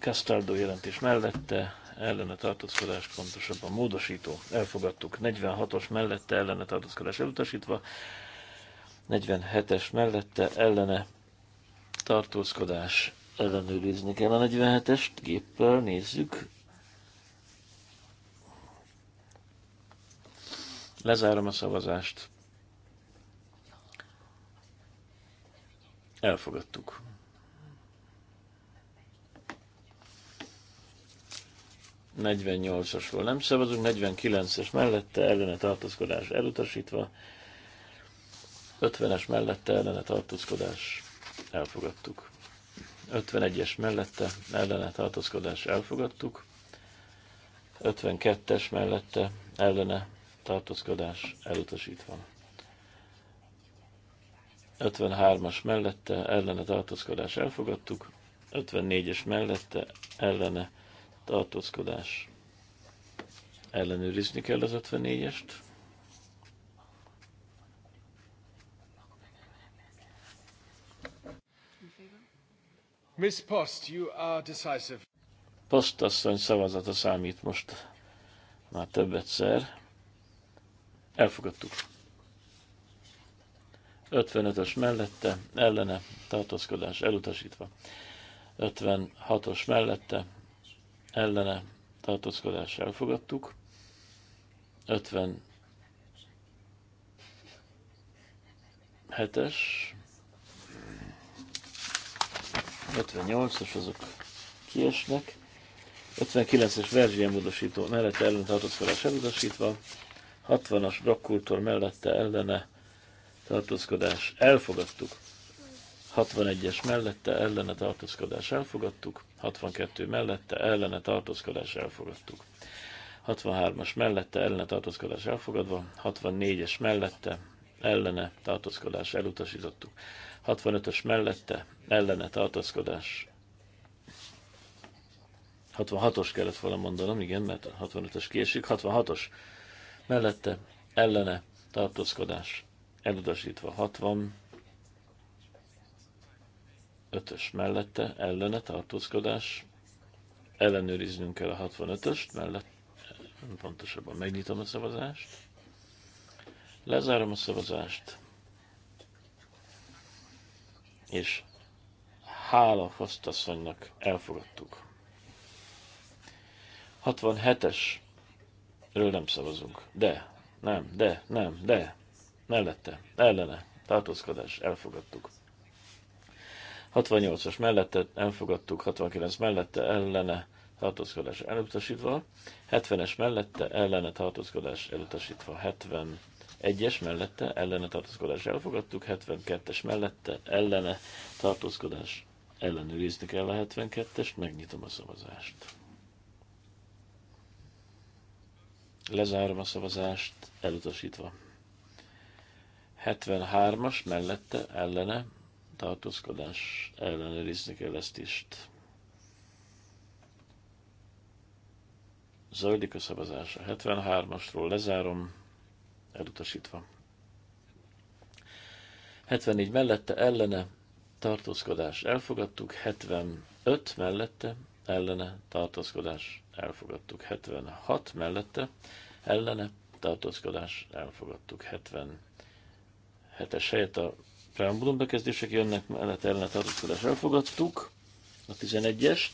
Castaldo jelentés mellette ellene tartózkodás, pontosabban módosító, elfogadtuk 46-os mellette ellene tartózkodás elutasítva, 47-es mellette ellene tartózkodás ellenőrizni kell a 47-est, géppel nézzük. Lezárom a szavazást. Elfogadtuk. ...48-asról nem szavazunk, 49-es mellette ellene tartózkodás elutasítva, 50-es mellette ellene tartózkodás elfogadtuk. 51-es mellette ellene tartózkodás elfogadtuk, 52-es mellette ellene tartózkodás elutasítva. 53-as mellette ellene tartózkodás elfogadtuk, 54-es mellette ellene tartózkodás ellenőrizni kell az 54-est. Miss Post, you are decisive. Post asszony szavazata számít most már többet szer, Elfogadtuk. 55-ös mellette, ellene, tartózkodás elutasítva. 56-os mellette, ellene, tartózkodás elfogadtuk. 57 es 58-as azok kiesnek, 59-es verzsien módosító mellette ellene tartózkodás elutasítva, 60-as brakkultól mellette ellene tartózkodás elfogadtuk. 61-es mellette ellene tartózkodás elfogadtuk, 62 mellette ellene tartózkodás elfogadtuk. 63-as mellette ellene tartózkodás elfogadva, 64-es mellette ellene tartózkodás elutasítottuk. 65-ös mellette ellene tartózkodás 66-os kellett volna mondanom, igen, mert 65-ös késik, 66-os mellette ellene tartózkodás elutasítva 60, 5-ös mellette, ellene tartózkodás, ellenőriznünk kell a 65-öst, mellett, pontosabban megnyitom a szavazást, lezárom a szavazást, és hála fasztasszonynak elfogadtuk. 67-esről nem szavazunk, de, nem, de, nem, de, mellette, ellene, tartózkodás, elfogadtuk. 68-as mellette elfogadtuk, 69 mellette ellene tartózkodás elutasítva, 70-es mellette ellene tartózkodás elutasítva, 71-es mellette ellene tartózkodás elfogadtuk, 72-es mellette ellene tartózkodás ellenőrizni kell a 72-est, megnyitom a szavazást. Lezárom a szavazást, elutasítva. 73-as mellette ellene tartózkodás ellenőrizni kell ezt is. Zajlik a szavazás a 73-asról, lezárom, elutasítva. 74 mellette ellene tartózkodás elfogadtuk, 75 mellette ellene tartózkodás elfogadtuk, 76 mellette ellene tartózkodás elfogadtuk, 70 hetes helyet a preambulum bekezdések jönnek, mellett ellenet tartózkodás elfogadtuk, a 11-est,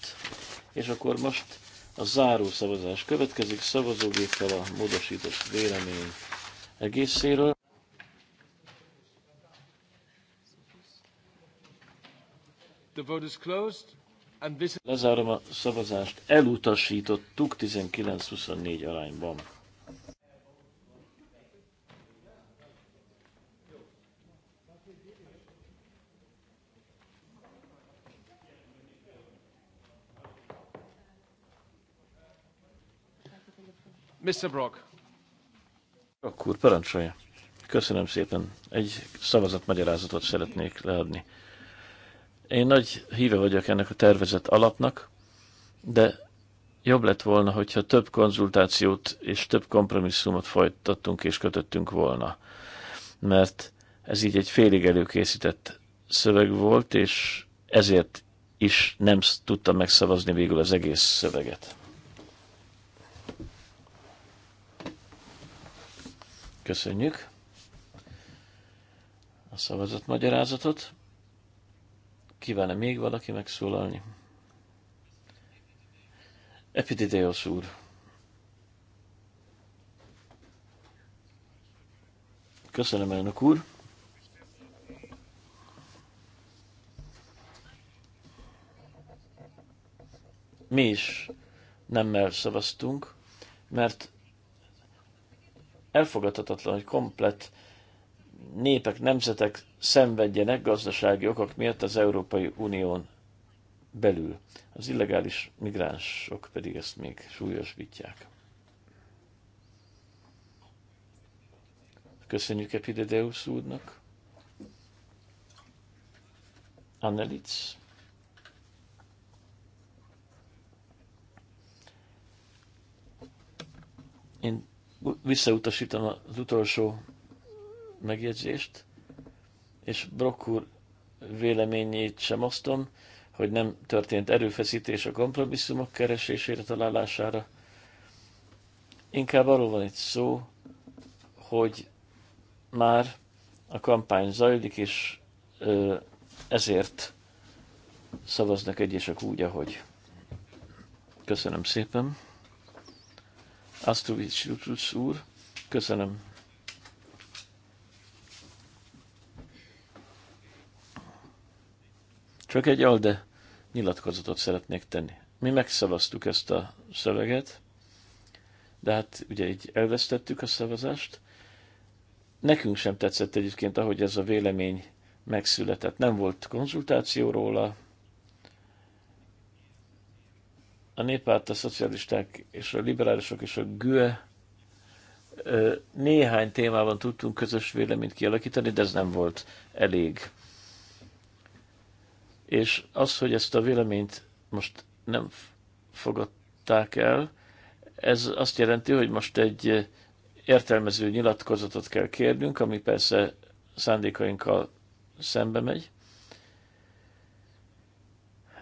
és akkor most a záró szavazás következik, szavazógéppel a módosított vélemény egészéről. The vote is closed. And this... Lezárom a szavazást, elutasítottuk 19-24 arányban. Mr. Brock. Brock úr, parancsolja. Köszönöm szépen. Egy szavazatmagyarázatot szeretnék leadni. Én nagy híve vagyok ennek a tervezett alapnak, de jobb lett volna, hogyha több konzultációt és több kompromisszumot folytattunk és kötöttünk volna. Mert ez így egy félig előkészített szöveg volt, és ezért is nem tudtam megszavazni végül az egész szöveget. Köszönjük a szavazat magyarázatot. Kíván-e még valaki megszólalni? Epidideos úr. Köszönöm, elnök úr. Mi is nemmel szavaztunk, mert elfogadhatatlan, hogy komplet népek, nemzetek szenvedjenek gazdasági okok miatt az Európai Unión belül. Az illegális migránsok pedig ezt még súlyosbítják. Köszönjük Epidedeus úrnak. Annelitz. Visszautasítom az utolsó megjegyzést, és Brock úr véleményét sem osztom, hogy nem történt erőfeszítés a kompromisszumok keresésére, találására. Inkább arról van itt szó, hogy már a kampány zajlik, és ezért szavaznak egyesek úgy, ahogy. Köszönöm szépen! Asztrovics Lutus úr. Köszönöm. Csak egy alde nyilatkozatot szeretnék tenni. Mi megszavaztuk ezt a szöveget, de hát ugye így elvesztettük a szavazást. Nekünk sem tetszett egyébként, ahogy ez a vélemény megszületett. Nem volt konzultáció róla, a néppárt, a szocialisták és a liberálisok és a GÜE néhány témában tudtunk közös véleményt kialakítani, de ez nem volt elég. És az, hogy ezt a véleményt most nem fogadták el, ez azt jelenti, hogy most egy értelmező nyilatkozatot kell kérnünk, ami persze szándékainkkal szembe megy.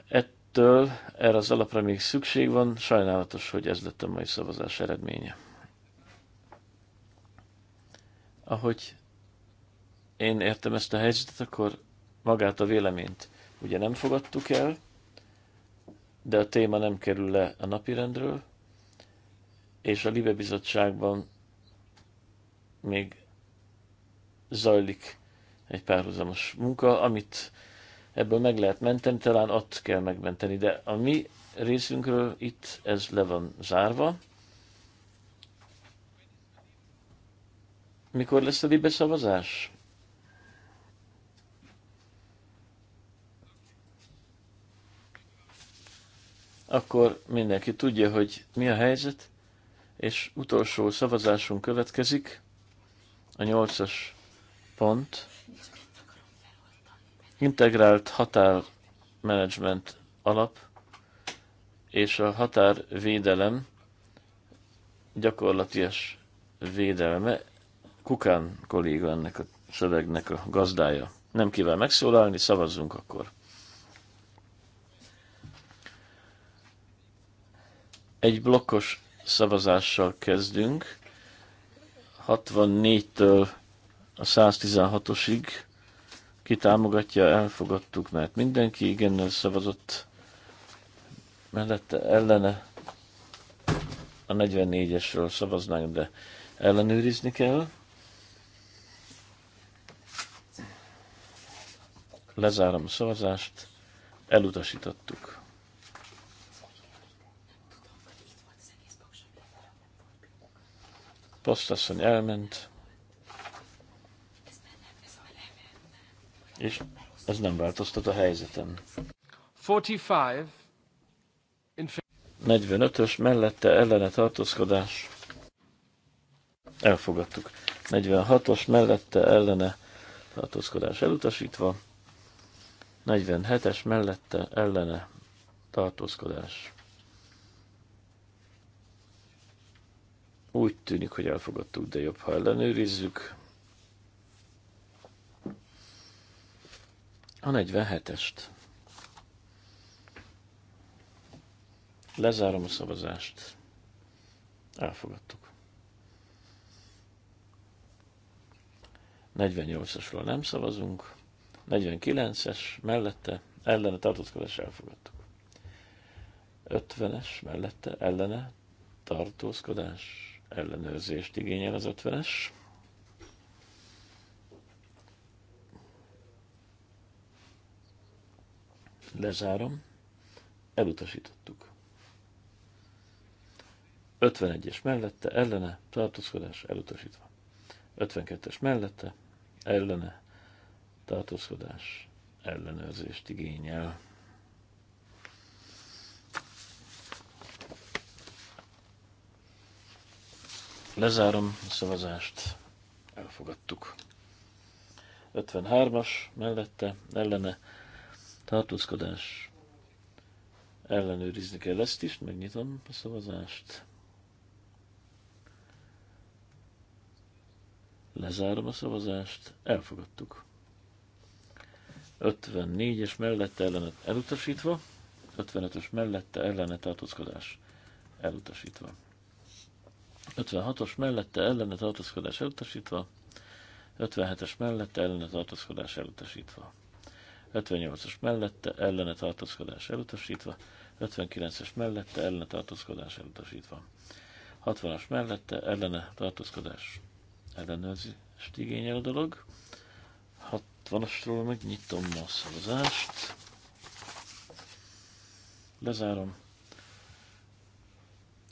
Ett től erre az alapra még szükség van. Sajnálatos, hogy ez lett a mai szavazás eredménye. Ahogy én értem ezt a helyzetet, akkor magát a véleményt ugye nem fogadtuk el, de a téma nem kerül le a napirendről, és a Libe Bizottságban még zajlik egy párhuzamos munka, amit ebből meg lehet menteni, talán ott kell megmenteni, de a mi részünkről itt ez le van zárva. Mikor lesz a libeszavazás? Akkor mindenki tudja, hogy mi a helyzet, és utolsó szavazásunk következik, a nyolcas pont integrált határmenedzsment alap és a határvédelem gyakorlatias védelme. Kukán kolléga ennek a szövegnek a gazdája. Nem kíván megszólalni, szavazzunk akkor. Egy blokkos szavazással kezdünk. 64-től a 116-osig ki támogatja, elfogadtuk, mert mindenki igennel szavazott mellette ellene. A 44-esről szavaznánk, de ellenőrizni kell. Lezárom a szavazást, elutasítottuk. Posztasszony elment. és ez nem változtat a helyzeten. 45-ös mellette ellene tartózkodás. Elfogadtuk. 46-os mellette ellene tartózkodás elutasítva. 47-es mellette ellene tartózkodás. Úgy tűnik, hogy elfogadtuk, de jobb, ha ellenőrizzük. a 47-est. Lezárom a szavazást. Elfogadtuk. 48-asról nem szavazunk. 49-es mellette ellene tartózkodás elfogadtuk. 50-es mellette ellene tartózkodás ellenőrzést igényel az 50-es. Lezárom. Elutasítottuk. 51-es mellette, ellene, tartózkodás elutasítva. 52-es mellette, ellene, tartózkodás ellenőrzést igényel. Lezárom a szavazást, elfogadtuk. 53-as mellette, ellene, tartózkodás. Ellenőrizni kell ezt is, megnyitom a szavazást. Lezárom a szavazást, elfogadtuk. 54-es mellette ellenet elutasítva, 55-ös mellette ellene tartózkodás elutasítva. 56-os mellette ellene tartózkodás elutasítva, 57-es mellette ellene tartózkodás elutasítva. 58-as mellette ellene tartózkodás elutasítva, 59-es mellette ellene tartózkodás elutasítva, 60-as mellette ellene tartózkodás ellenőrzést igényel a dolog. 60-asról megnyitom a szavazást, lezárom,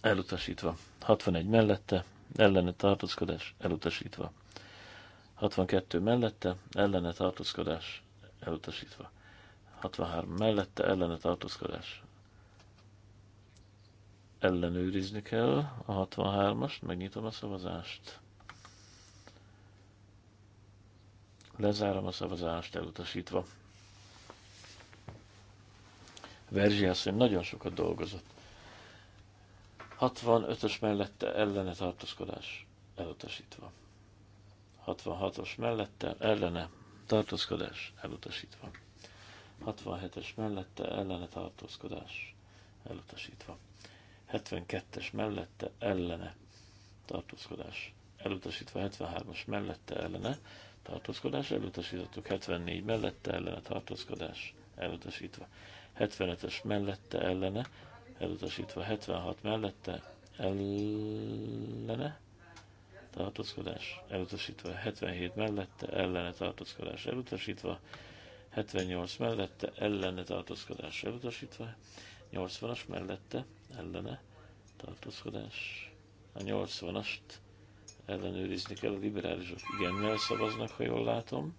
elutasítva, 61 mellette ellene tartózkodás elutasítva. 62 mellette, ellene tartózkodás elutasítva. 63 mellette ellene tartózkodás. Ellenőrizni kell a 63-ast, megnyitom a szavazást. Lezárom a szavazást elutasítva. Verzsi asszony nagyon sokat dolgozott. 65-ös mellette ellene tartózkodás elutasítva. 66-os mellette ellene tartózkodás elutasítva. 67-es mellette ellene tartózkodás elutasítva. 72-es mellette ellene tartózkodás elutasítva. 73-as mellette ellene tartózkodás elutasítottuk. 74 mellette ellene tartózkodás elutasítva. 75-es mellette ellene elutasítva. 76 mellette ellene tartózkodás elutasítva, 77 mellette ellene tartózkodás elutasítva, 78 mellette ellene tartózkodás elutasítva, 80-as mellette ellene tartózkodás. A 80-ast ellenőrizni kell, a liberálisok igennel szavaznak, ha jól látom.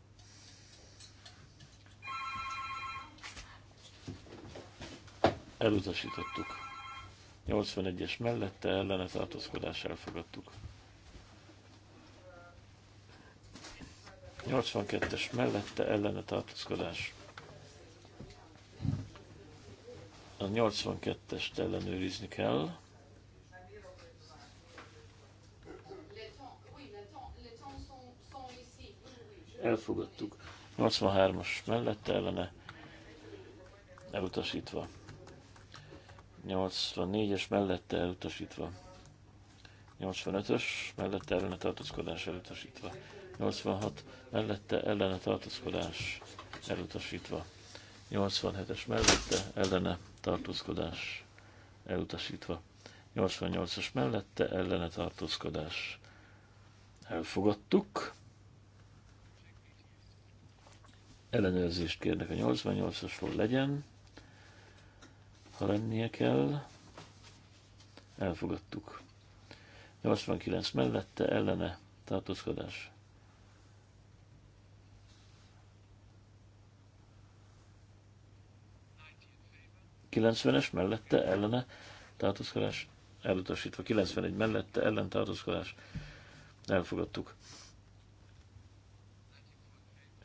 Elutasítottuk. 81-es mellette ellene tartózkodás elfogadtuk. 82-es mellette ellene tartózkodás. A 82-est ellenőrizni kell. Elfogadtuk. 83-as mellette ellene elutasítva. 84-es mellette elutasítva. 85-ös mellette ellene tartózkodás elutasítva. 86 mellette ellene tartózkodás elutasítva. 87-es mellette ellene tartózkodás elutasítva. 88-as mellette ellene tartózkodás elfogadtuk. Ellenőrzést kérnek a 88-asról legyen, ha lennie kell. Elfogadtuk. 89 mellette ellene tartózkodás 90-es mellette ellene tartózkodás elutasítva, 91 mellette ellen tartózkodás elfogadtuk.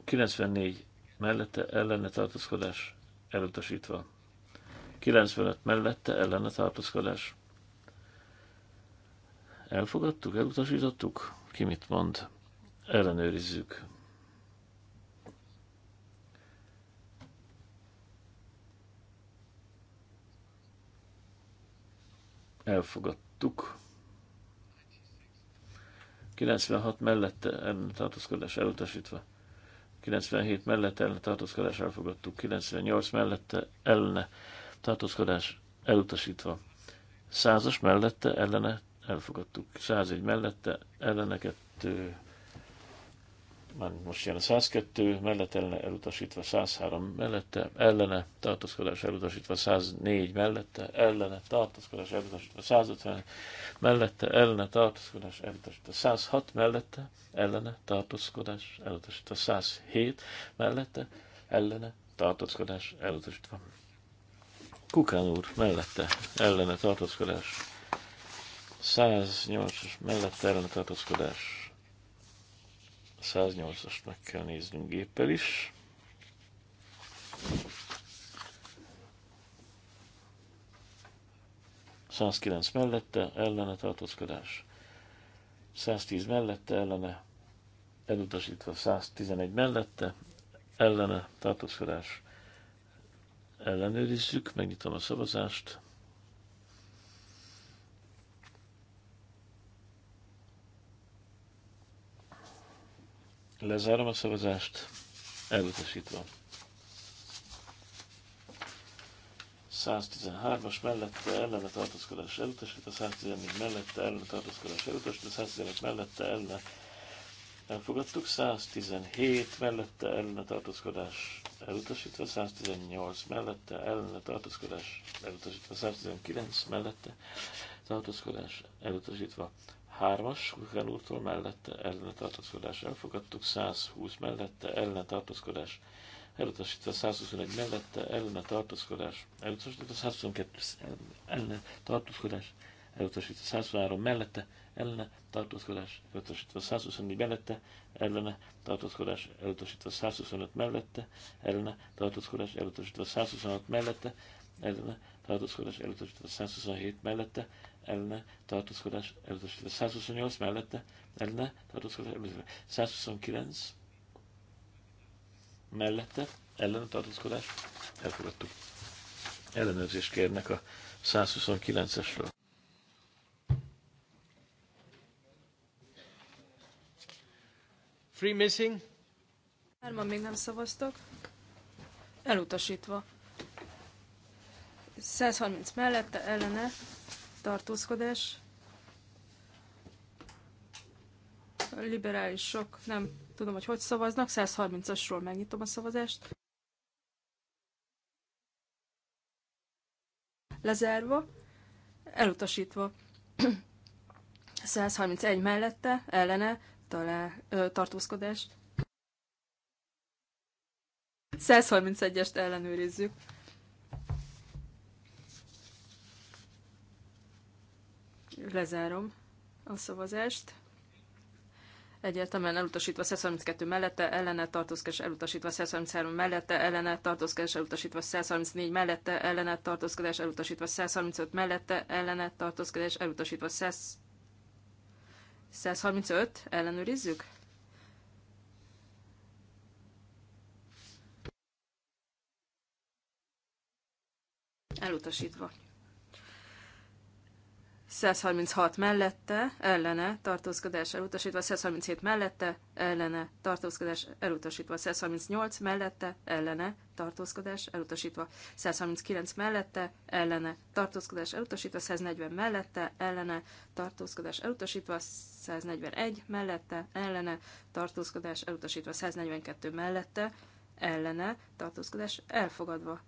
94 mellette ellene tartózkodás elutasítva. 95 mellette ellene tartózkodás. Elfogadtuk, elutasítottuk? Ki mit mond? Ellenőrizzük. elfogadtuk. 96 mellette ellen tartózkodás elutasítva. 97 mellett ellen tartózkodás elfogadtuk. 98 mellette ellene tartózkodás elutasítva. 100-as mellette ellene elfogadtuk. 101 mellette ellene kettő már most jön a 102, mellett ellene elutasítva 103, mellette ellene tartózkodás elutasítva 104, mellette ellene tartózkodás elutasítva 150, mellette ellene tartózkodás elutasítva 106, mellette ellene tartózkodás elutasítva 107, mellette ellene tartózkodás elutasítva. Kukán úr, mellette ellene tartózkodás 108 mellette ellene tartózkodás 108-ast meg kell néznünk géppel is. ...109 mellette, ellene tartózkodás. 110 mellette, ellene elutasítva. 111 mellette, ellene tartózkodás. Ellenőrizzük, megnyitom a szavazást. Lezárom a szavazást. Elutasítva. 113-as mellette ellene tartózkodás elutasítva, 114 mellette ellene tartózkodás elutasítva, 115 mellette ellene elfogadtuk, 117 mellette ellene tartózkodás elutasítva, 118 mellette ellene tartózkodás elutasítva, 119 mellette tartózkodás elutasítva, 3 as Kukán mellette ellene tartózkodás elfogadtuk, 120 mellette ellene tartózkodás elutasítva, 121 mellette ellene tartózkodás elutasítva, 122 ellene tartózkodás elutasítva, 123 mellette ellene tartózkodás elutasítva, 124 mellette ellene tartózkodás elutasítva, 125 mellette ellene tartózkodás elutasítva, 126 mellette ellene tartózkodás elutasítva, 127 mellette ellene tartózkodás elutasítva. 128 mellette ellene tartózkodás elutasítva. 129 mellette ellene tartózkodás elfogadtuk. Ellenőrzést kérnek a 129-esről. Free missing. Hárman még nem szavaztak. Elutasítva. 130 mellette ellene tartózkodás. A liberálisok, nem tudom, hogy hogy szavaznak, 130-asról megnyitom a szavazást. Lezárva, elutasítva. 131 mellette, ellene, talál, ö, tartózkodás. 131-est ellenőrizzük. Lezárom a szavazást. Egyértelműen elutasítva 132 mellette, ellene tartózkodás elutasítva 133 mellette, ellene tartózkodás elutasítva 134 mellette, ellene tartózkodás elutasítva 135 mellette, ellene tartózkodás elutasítva 100... 135, ellenőrizzük. Elutasítva. 136 mellette, ellene, tartózkodás elutasítva, 137 mellette, ellene, tartózkodás elutasítva, 138 mellette, ellene, tartózkodás elutasítva, 139 mellette, ellene, tartózkodás elutasítva, 140 mellette, ellene, tartózkodás elutasítva, 141 mellette, ellene, tartózkodás elutasítva, 142 mellette, ellene, tartózkodás elfogadva,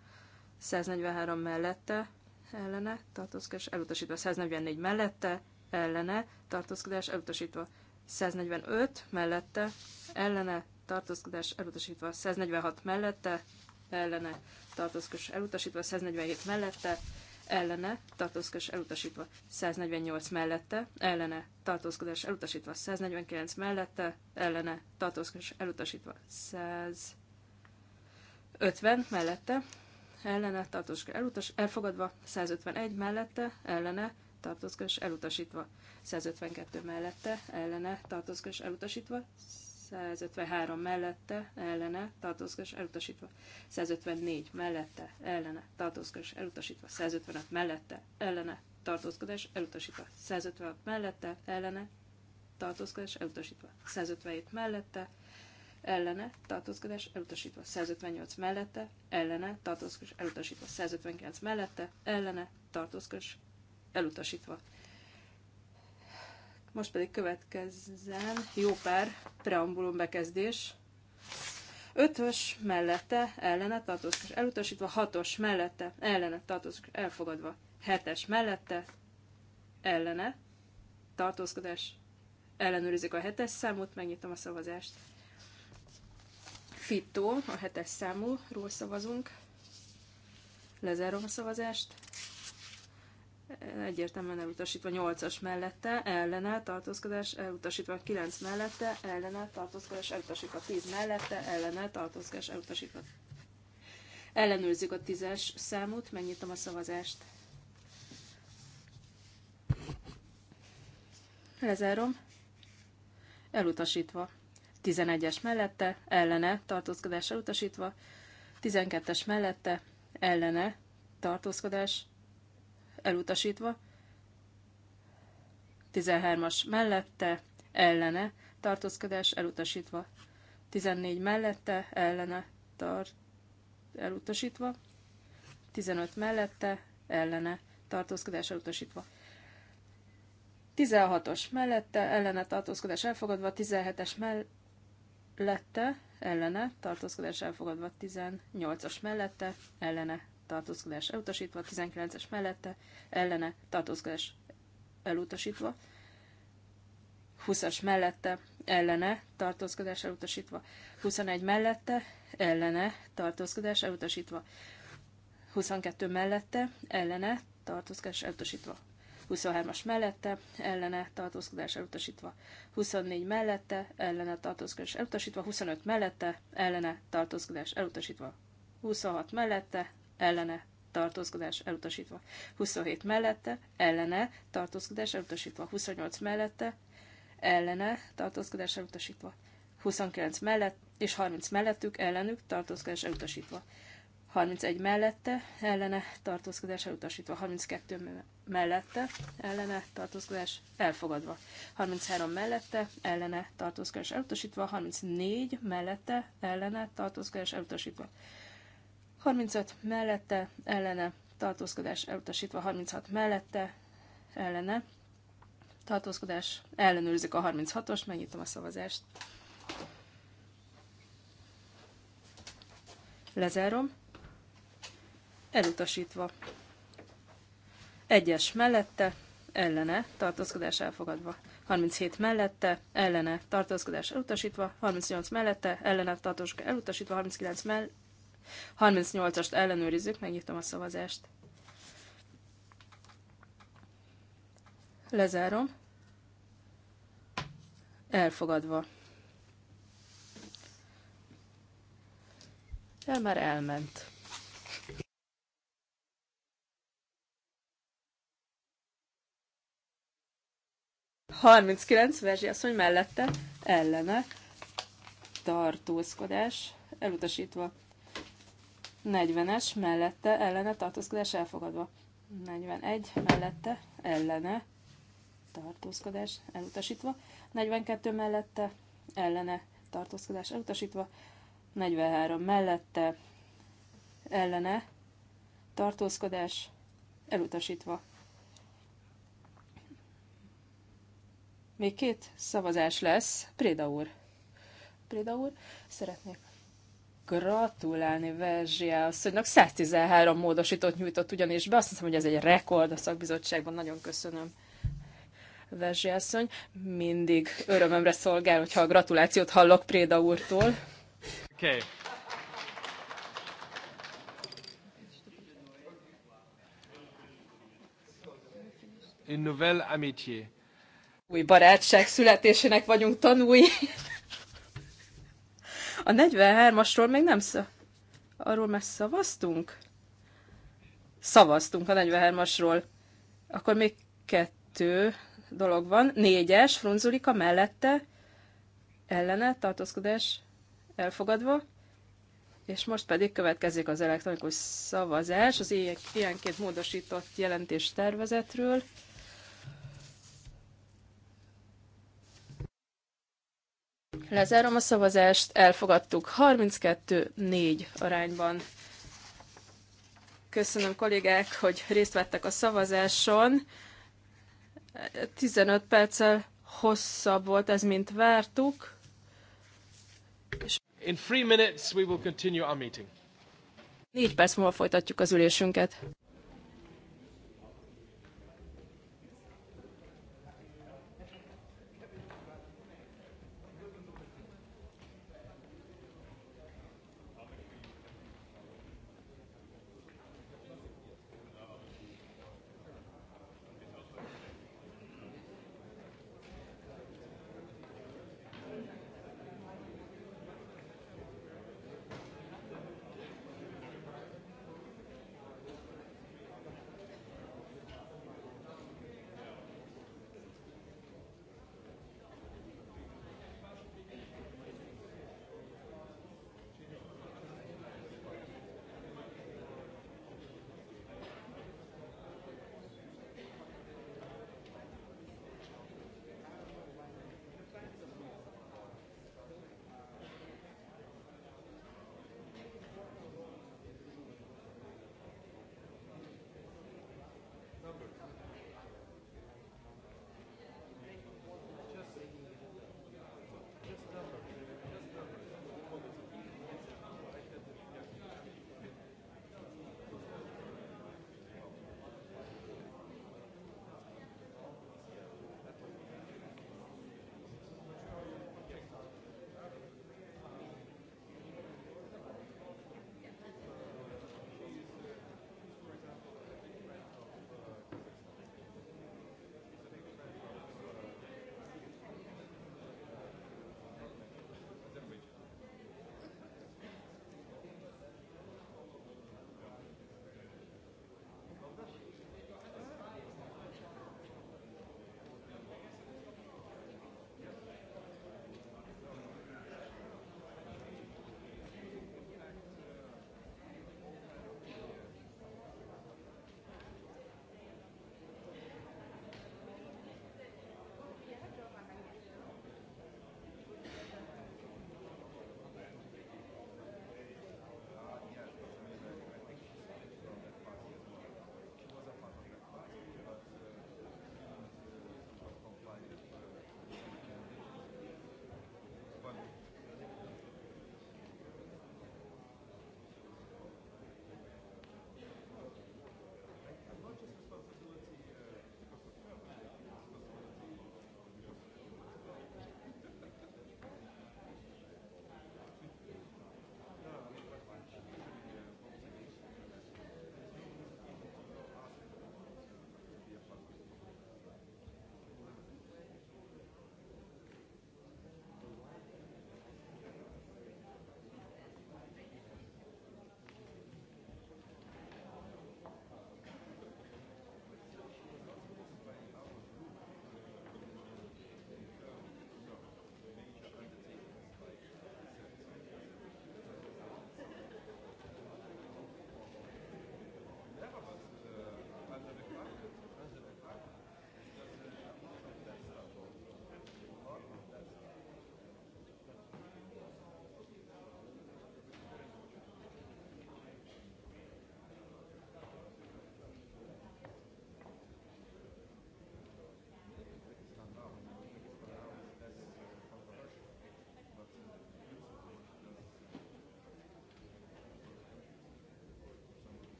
143 mellette, ellene, tartózkodás elutasítva 144 mellette, ellene, tartózkodás elutasítva 145 mellette, ellene, tartózkodás elutasítva 146 mellette, ellene, tartózkodás elutasítva 147 mellette, ellene, tartózkodás elutasítva 148 mellette, ellene, tartózkodás elutasítva 149 mellette, ellene, tartózkodás elutasítva 150 mellette, ellene tartózkodás elutas, elfogadva, 151 mellette, ellene tartózkodás elutasítva, 152 mellette, ellene tartózkodás elutasítva, 153 mellette, ellene, tartózkodás elutasítva. 154 mellette, ellene, tartózkodás elutasítva. 155 mellette, ellene, tartózkodás elutasítva. 156 mellette, ellene, tartózkodás elutasítva. 157 mellette, ellene tartózkodás elutasítva 158 mellette, ellene tartózkodás elutasítva 159 mellette, ellene tartózkodás elutasítva. Most pedig következzen jó pár preambulum bekezdés. 5-ös mellette, ellene tartózkodás elutasítva, 6-os mellette, ellene tartózkodás elfogadva, 7-es mellette, ellene tartózkodás ellenőrizik a 7-es számot, megnyitom a szavazást. Fitto, a hetes számúról szavazunk. Lezárom a szavazást. Egyértelműen elutasítva 8-as mellette, ellene tartózkodás, elutasítva 9 mellette, ellene tartózkodás, elutasítva 10 mellette, ellene tartózkodás, elutasítva. Ellenőrzzük a 10-es számút, megnyitom a szavazást. Lezárom. Elutasítva. 11-es mellette, ellene, tartózkodásra utasítva, 12-es mellette, ellene, tartózkodás elutasítva, 13-as mellette, ellene, tartózkodás elutasítva, 14 mellette, ellene, tart, elutasítva, 15 mellette, ellene, tartózkodás elutasítva. 16-os mellette, ellene tartózkodás elfogadva, 17-es mell- mellette, ellene, tartózkodás elfogadva 18-as mellette, ellene, tartózkodás elutasítva, 19-es mellette, ellene, tartózkodás elutasítva, 20-as mellette, ellene, tartózkodás elutasítva, 21 mellette, ellene, tartózkodás elutasítva, 22 mellette, ellene, tartózkodás elutasítva, 23-as mellette, ellene tartózkodás elutasítva. 24 mellette, ellene tartózkodás elutasítva. 25 mellette, ellene tartózkodás elutasítva. 26 mellette, ellene tartózkodás elutasítva. 27 mellette, ellene tartózkodás elutasítva. 28 mellette, ellene tartózkodás elutasítva. 29 mellett és 30 mellettük ellenük tartózkodás elutasítva. 31 mellette, ellene tartózkodás elutasítva, 32 mellette, ellene tartózkodás elfogadva, 33 mellette, ellene tartózkodás elutasítva, 34 mellette, ellene tartózkodás elutasítva, 35 mellette, ellene tartózkodás elutasítva, 36 mellette, ellene tartózkodás, ellenőrzik a 36 ost megnyitom a szavazást. lezárom elutasítva. Egyes mellette, ellene, tartózkodás elfogadva. 37 mellette, ellene, tartózkodás elutasítva. 38 mellette, ellene, tartózkodás elutasítva. 39 mell 38-ast ellenőrizzük, megnyitom a szavazást. Lezárom. Elfogadva. El már elment. 39 Verzsi asszony mellette ellene tartózkodás elutasítva. 40-es mellette ellene tartózkodás elfogadva. 41 mellette ellene tartózkodás elutasítva. 42 mellette ellene tartózkodás elutasítva. 43 mellette ellene tartózkodás elutasítva. Még két szavazás lesz. Préda úr. Préda úr, szeretnék gratulálni Verzsia asszonynak. 113 módosítót nyújtott ugyanis be. Azt hiszem, hogy ez egy rekord a szakbizottságban. Nagyon köszönöm. Verzsia asszony, mindig örömömre szolgál, hogyha a gratulációt hallok Préda úrtól. Okay. Une nouvelle amitié új barátság születésének vagyunk tanúi. A 43-asról még nem szó. Arról már szavaztunk? Szavaztunk a 43-asról. Akkor még kettő dolog van. Négyes, Frunzulika mellette, ellene, tartózkodás elfogadva. És most pedig következik az elektronikus szavazás az ilyenként két módosított jelentés tervezetről. Lezárom a szavazást, elfogadtuk 32-4 arányban. Köszönöm kollégák, hogy részt vettek a szavazáson. 15 perccel hosszabb volt ez, mint vártuk. In three minutes we will continue our meeting. Négy perc múlva folytatjuk az ülésünket.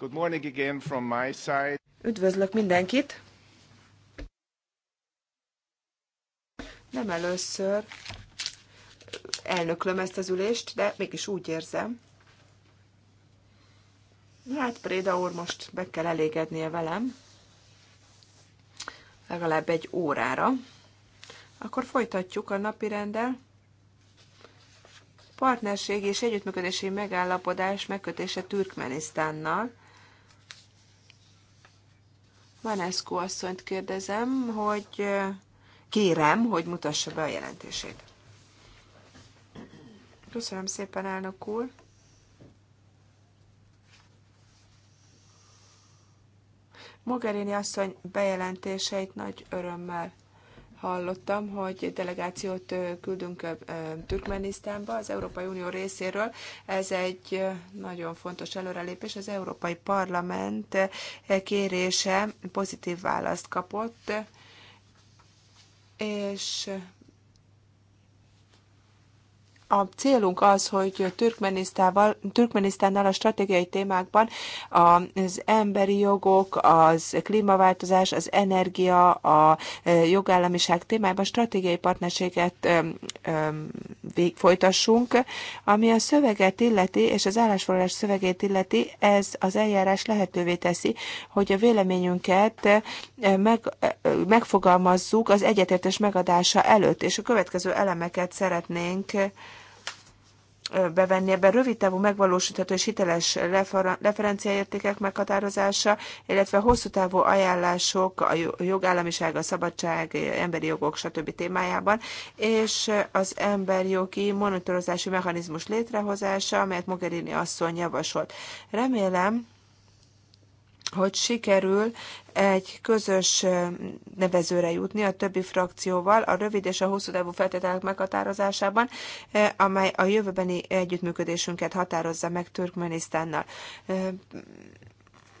Good morning again from my side. Üdvözlök mindenkit! Nem először elnöklöm ezt az ülést, de mégis úgy érzem. Hát Préda úr most be kell elégednie velem. Legalább egy órára. Akkor folytatjuk a napi rendel partnerség és együttműködési megállapodás megkötése Türkmenisztánnal. Vanescu asszonyt kérdezem, hogy kérem, hogy mutassa be a jelentését. Köszönöm szépen, elnök úr. Mogherini asszony bejelentéseit nagy örömmel hallottam, hogy delegációt küldünk Türkmenisztánba az Európai Unió részéről. Ez egy nagyon fontos előrelépés. Az Európai Parlament kérése pozitív választ kapott, és a célunk az, hogy Türkmenisztánnal a stratégiai témákban az emberi jogok, az klímaváltozás, az energia, a e, jogállamiság témájában stratégiai partnerséget e, e, folytassunk. Ami a szöveget illeti, és az állásfoglalás szövegét illeti, ez az eljárás lehetővé teszi, hogy a véleményünket meg, megfogalmazzuk az egyetértés megadása előtt, és a következő elemeket szeretnénk bevenni ebben rövid távú megvalósítható és hiteles referenciaértékek meghatározása, illetve hosszú távú ajánlások a jogállamiság, a szabadság, emberi jogok, stb. témájában, és az emberi jogi monitorozási mechanizmus létrehozása, amelyet Mogherini asszony javasolt. Remélem, hogy sikerül egy közös nevezőre jutni a többi frakcióval a rövid és a hosszú távú feltételek meghatározásában, amely a jövőbeni együttműködésünket határozza meg Türkmenisztánnal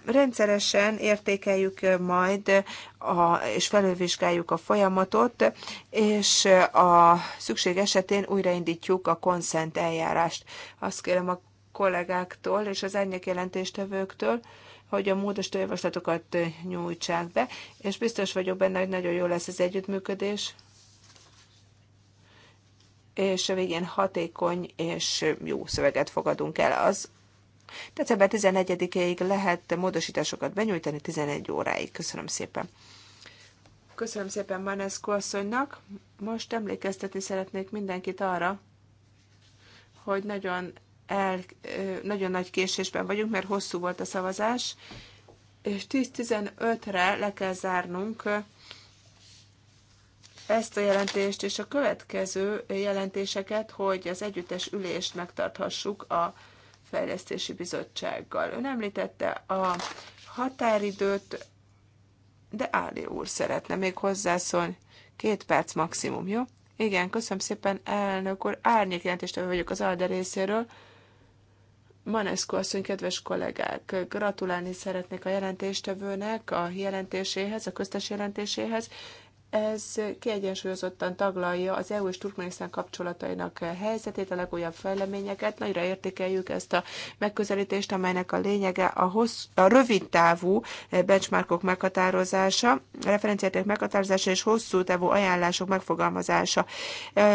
rendszeresen értékeljük majd, a, és felülvizsgáljuk a folyamatot, és a szükség esetén újraindítjuk a konszent eljárást. Azt kérem a kollégáktól és az ennyi jelentéstevőktől, hogy a módosító javaslatokat nyújtsák be, és biztos vagyok benne, hogy nagyon jó lesz az együttműködés, és a végén hatékony és jó szöveget fogadunk el. Az december 11-ig lehet módosításokat benyújtani 11 óráig. Köszönöm szépen. Köszönöm szépen Manesko asszonynak. Most emlékeztetni szeretnék mindenkit arra, hogy nagyon el, nagyon nagy késésben vagyunk, mert hosszú volt a szavazás, és 10-15-re le kell zárnunk ezt a jelentést és a következő jelentéseket, hogy az együttes ülést megtarthassuk a Fejlesztési Bizottsággal. Ön említette a határidőt, de Áli úr szeretne még hozzászólni. Két perc maximum, jó? Igen, köszönöm szépen, elnök úr. Árnyék jelentéstevő vagyok az ALDE részéről. Manescu asszony, kedves kollégák, gratulálni szeretnék a jelentéstevőnek a jelentéséhez, a köztes jelentéséhez, ez kiegyensúlyozottan taglalja az EU és Turkmenisztán kapcsolatainak helyzetét, a legújabb fejleményeket. Nagyra értékeljük ezt a megközelítést, amelynek a lényege a, hossz, a rövid távú benchmarkok meghatározása, referenciáték meghatározása és hosszú távú ajánlások megfogalmazása.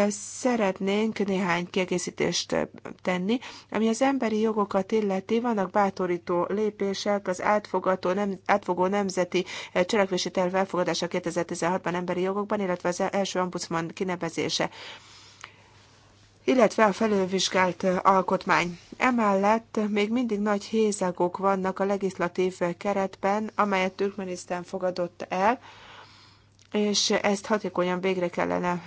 Szeretnénk néhány kiegészítést tenni. Ami az emberi jogokat illeti, vannak bátorító lépések, az átfogató, nem, átfogó nemzeti cselekvési terv elfogadása 2016-ban emberi jogokban, illetve az első ombudsman kinevezése illetve a felülvizsgált alkotmány. Emellett még mindig nagy hézagok vannak a legislatív keretben, amelyet Türkmenisztán fogadott el, és ezt hatékonyan végre kellene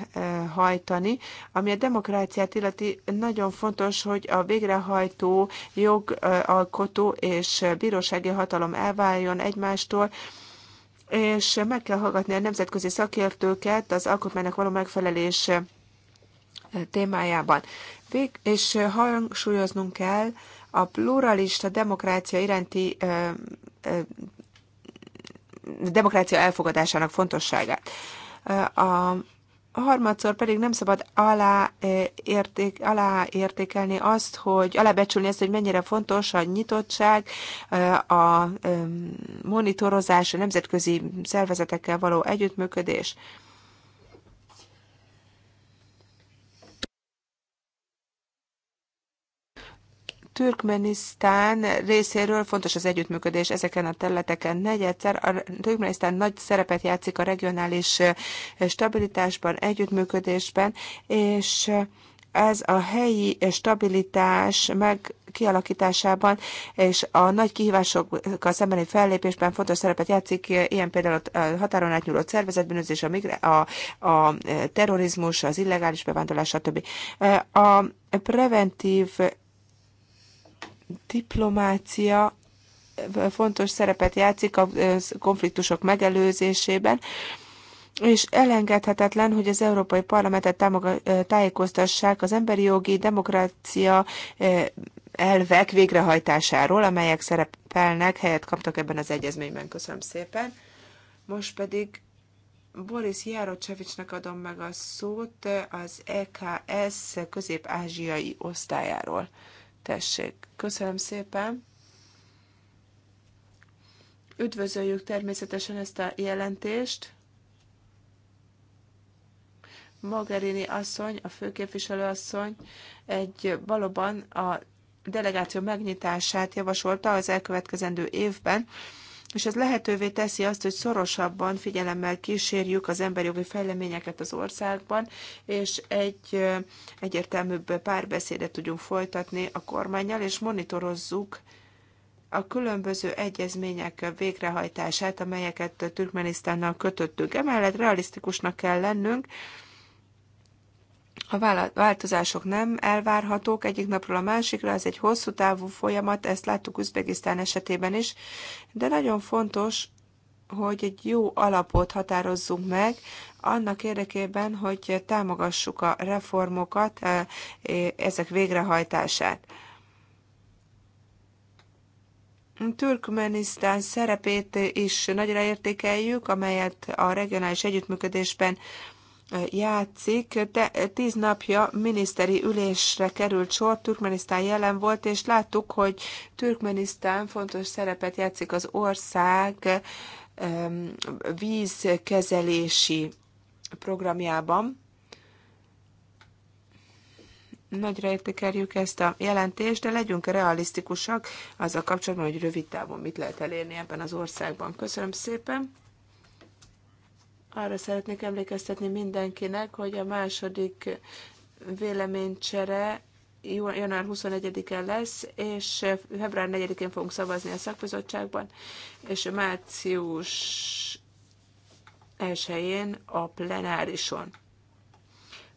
hajtani. Ami a demokráciát illeti, nagyon fontos, hogy a végrehajtó, jogalkotó és bírósági hatalom elváljon egymástól, és meg kell hallgatni a nemzetközi szakértőket az alkotmánynak való megfelelés eh, témájában. Vég, és hangsúlyoznunk kell a pluralista demokrácia iránti ö, eh, ö, eh, demokrácia elfogadásának fontosságát. A harmadszor pedig nem szabad alá, eh, érték, alá értékelni azt, hogy alábecsülni ezt, hogy mennyire fontos a nyitottság, eh, a monitorozás, a nemzetközi szervezetekkel való együttműködés. Türkmenisztán részéről fontos az együttműködés ezeken a területeken. Negyedszer a Türkmenisztán nagy szerepet játszik a regionális stabilitásban, együttműködésben, és ez a helyi stabilitás meg kialakításában és a nagy kihívásokkal szembeni fellépésben fontos szerepet játszik, ilyen például a határon átnyúló szervezetbűnözés, a, migrá- a, a terrorizmus, az illegális bevándorlás, stb. A preventív diplomácia fontos szerepet játszik a konfliktusok megelőzésében, és elengedhetetlen, hogy az Európai Parlamentet tájékoztassák az emberi jogi demokrácia elvek végrehajtásáról, amelyek szerepelnek, helyet kaptak ebben az egyezményben. Köszönöm szépen. Most pedig Boris Jarocsevicsnek adom meg a szót az EKS közép-ázsiai osztályáról. Tessék, köszönöm szépen. Üdvözöljük természetesen ezt a jelentést. Mogherini asszony, a főképviselő asszony egy valóban a delegáció megnyitását javasolta az elkövetkezendő évben és ez lehetővé teszi azt, hogy szorosabban figyelemmel kísérjük az emberi jogi fejleményeket az országban, és egy egyértelműbb párbeszédet tudjunk folytatni a kormányjal, és monitorozzuk a különböző egyezmények végrehajtását, amelyeket Türkmenisztánnal kötöttünk. Emellett realisztikusnak kell lennünk, a változások nem elvárhatók egyik napról a másikra, ez egy hosszú távú folyamat, ezt láttuk Üzbegisztán esetében is, de nagyon fontos, hogy egy jó alapot határozzunk meg, annak érdekében, hogy támogassuk a reformokat, e, e, ezek végrehajtását. Türkmenisztán szerepét is nagyra értékeljük, amelyet a regionális együttműködésben játszik. De tíz napja miniszteri ülésre került sor, Türkmenisztán jelen volt, és láttuk, hogy Türkmenisztán fontos szerepet játszik az ország vízkezelési programjában. Nagyra értékeljük ezt a jelentést, de legyünk realisztikusak azzal kapcsolatban, hogy rövid távon mit lehet elérni ebben az országban. Köszönöm szépen! Arra szeretnék emlékeztetni mindenkinek, hogy a második véleménycsere január 21-en lesz, és február 4-én fogunk szavazni a szakbizottságban, és március 1-én a plenárison.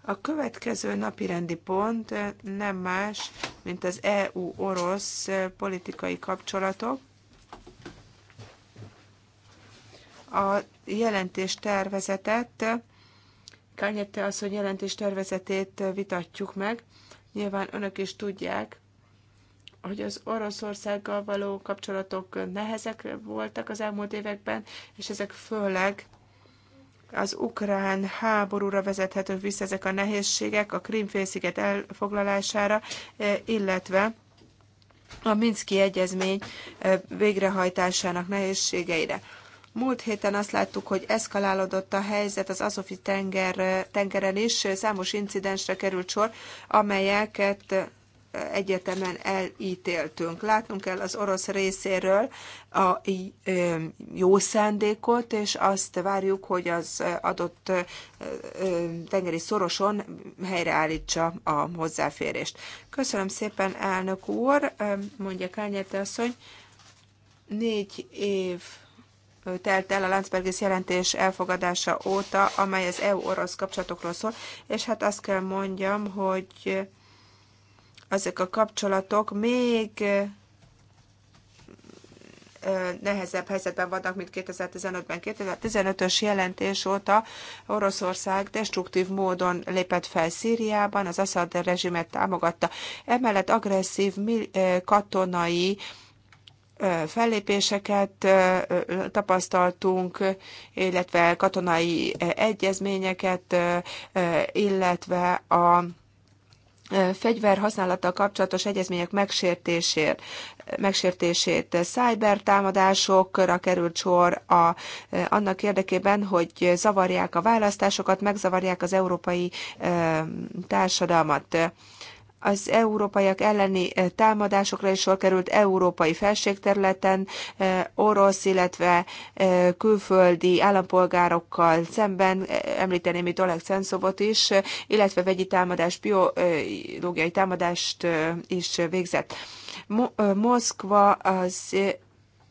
A következő napi rendi pont nem más, mint az EU-orosz politikai kapcsolatok. a jelentés tervezetet, Kányette az, hogy jelentés tervezetét vitatjuk meg. Nyilván önök is tudják, hogy az Oroszországgal való kapcsolatok nehezek voltak az elmúlt években, és ezek főleg az ukrán háborúra vezethetők vissza ezek a nehézségek, a Krímfélsziget elfoglalására, e, illetve a Minszki Egyezmény e, végrehajtásának nehézségeire. Múlt héten azt láttuk, hogy eszkalálódott a helyzet az Azofi tenger, tengeren is, számos incidensre került sor, amelyeket egyetemen elítéltünk. Látnunk kell az orosz részéről a jó szándékot, és azt várjuk, hogy az adott tengeri szoroson helyreállítsa a hozzáférést. Köszönöm szépen, elnök úr, mondja Kányete asszony. Négy év telt el a Landsbergis jelentés elfogadása óta, amely az EU-orosz kapcsolatokról szól, és hát azt kell mondjam, hogy ezek a kapcsolatok még nehezebb helyzetben vannak, mint 2015-ben. 2015-ös jelentés óta Oroszország destruktív módon lépett fel Szíriában, az Assad rezsimet támogatta. Emellett agresszív katonai fellépéseket tapasztaltunk, illetve katonai egyezményeket, illetve a fegyver használattal kapcsolatos egyezmények megsértésért, megsértését. Cyber támadásokra került sor a, annak érdekében, hogy zavarják a választásokat, megzavarják az európai társadalmat az európaiak elleni támadásokra is sor került európai felségterületen, orosz, illetve külföldi állampolgárokkal szemben, említeném itt Oleg Szenszobot is, illetve vegyi támadást, biológiai támadást is végzett. Moszkva az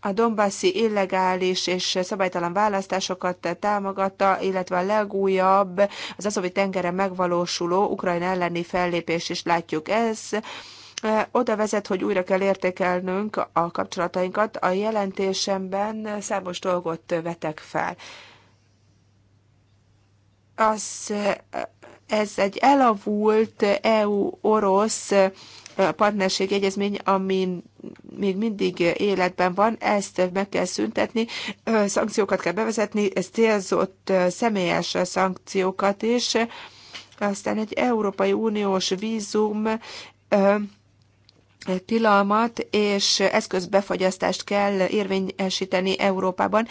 a Donbassi illegális és szabálytalan választásokat támogatta, illetve a legújabb, az azovi tengeren megvalósuló Ukrajna elleni fellépés is látjuk. Ez oda vezet, hogy újra kell értékelnünk a kapcsolatainkat. A jelentésemben számos dolgot vetek fel. Az, ez egy elavult EU-orosz partnerség egyezmény, ami még mindig életben van, ezt meg kell szüntetni, szankciókat kell bevezetni, célzott személyes szankciókat is, aztán egy Európai Uniós vízum tilalmat és eszközbefagyasztást kell érvényesíteni Európában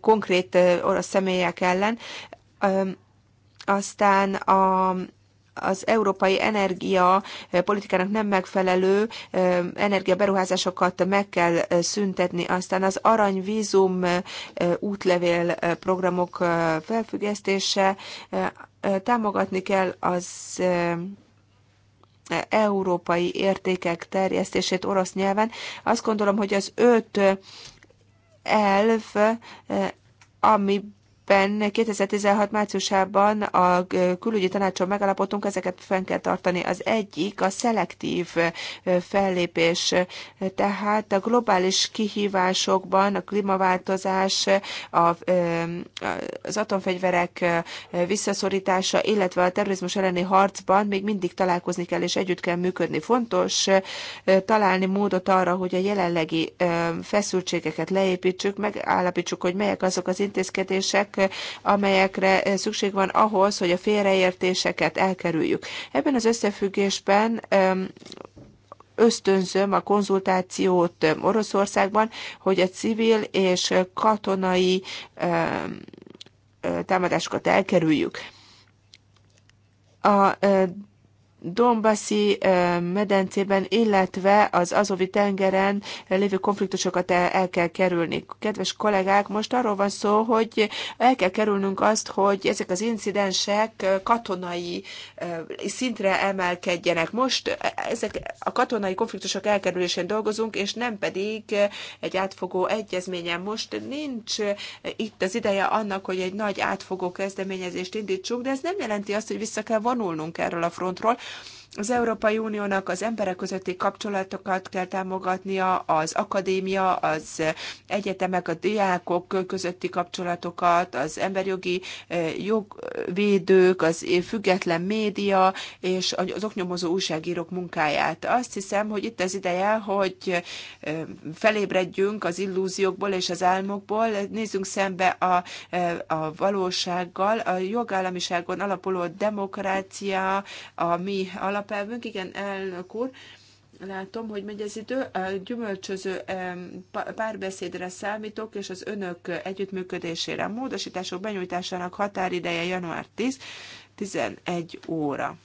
konkrét orosz személyek ellen. Aztán a az európai energia eh, politikának nem megfelelő eh, energiaberuházásokat meg kell eh, szüntetni. Aztán az aranyvízum útlevél programok felfüggesztése, támogatni kell az európai értékek terjesztését orosz nyelven. Azt gondolom, hogy az öt elv, ami éppen 2016 márciusában a külügyi tanácson megalapodtunk, ezeket fenn kell tartani. Az egyik a szelektív fellépés, tehát a globális kihívásokban a klímaváltozás, az atomfegyverek visszaszorítása, illetve a terrorizmus elleni harcban még mindig találkozni kell és együtt kell működni. Fontos találni módot arra, hogy a jelenlegi feszültségeket leépítsük, megállapítsuk, hogy melyek azok az intézkedések, amelyekre eh, szükség van ahhoz, hogy a félreértéseket elkerüljük. Ebben az összefüggésben ösztönzöm a konzultációt Oroszországban, hogy a civil és katonai eh, támadásokat elkerüljük. A eh, Dombasi medencében, illetve az Azovi tengeren lévő konfliktusokat el, el kell kerülni. Kedves kollégák, most arról van szó, hogy el kell kerülnünk azt, hogy ezek az incidensek katonai szintre emelkedjenek. Most ezek a katonai konfliktusok elkerülésén dolgozunk, és nem pedig egy átfogó egyezményen. Most nincs itt az ideje annak, hogy egy nagy átfogó kezdeményezést indítsunk, de ez nem jelenti azt, hogy vissza kell vonulnunk erről a frontról, az Európai Uniónak az emberek közötti kapcsolatokat kell támogatnia, az akadémia, az egyetemek, a diákok közötti kapcsolatokat, az emberjogi eh, jogvédők, az független média és az oknyomozó újságírók munkáját. Azt hiszem, hogy itt az ideje, hogy eh, felébredjünk az illúziókból és az álmokból, nézzünk szembe a, eh, a valósággal, a jogállamiságon alapuló demokrácia, a mi alap alapelvünk, igen, elnök úr, látom, hogy megy az idő, a gyümölcsöző párbeszédre számítok, és az önök együttműködésére. A módosítások benyújtásának határideje január 10, 11 óra.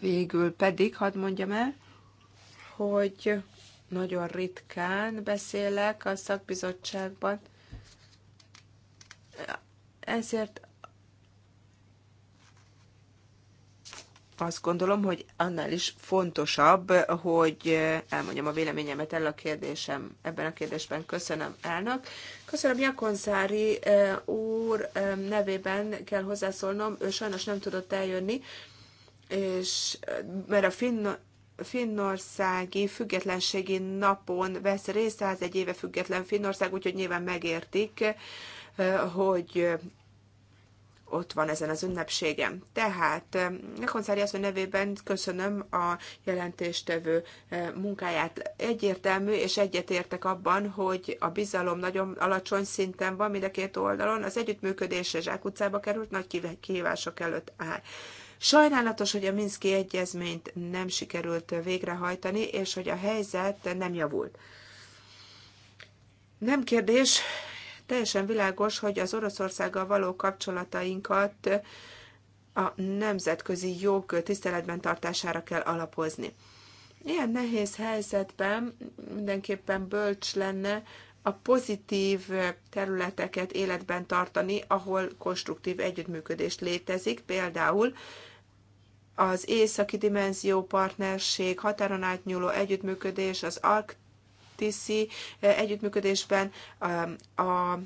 Végül pedig, hadd mondjam el, hogy nagyon ritkán beszélek a szakbizottságban, ezért azt gondolom, hogy annál is fontosabb, hogy elmondjam a véleményemet el a kérdésem ebben a kérdésben. Köszönöm elnök. Köszönöm Jakonszári eh, úr eh, nevében kell hozzászólnom. Ő sajnos nem tudott eljönni, és eh, mert a finn finnországi függetlenségi napon vesz részt, 101 éve független Finnország, úgyhogy nyilván megértik, hogy ott van ezen az ünnepségem. Tehát eh, Nekonszári asszony nevében köszönöm a jelentéstevő eh, munkáját. Egyértelmű és egyetértek abban, hogy a bizalom nagyon alacsony szinten van mind a két oldalon. Az együttműködés zsákutcába került, nagy kihívások előtt áll. Sajnálatos, hogy a Minszki egyezményt nem sikerült végrehajtani, és hogy a helyzet nem javult. Nem kérdés, Teljesen világos, hogy az Oroszországgal való kapcsolatainkat a nemzetközi jog tiszteletben tartására kell alapozni. Ilyen nehéz helyzetben mindenképpen bölcs lenne a pozitív területeket életben tartani, ahol konstruktív együttműködés létezik, például az északi dimenzió partnerség, határon átnyúló együttműködés, az Arkt tiszi eh, együttműködésben um, a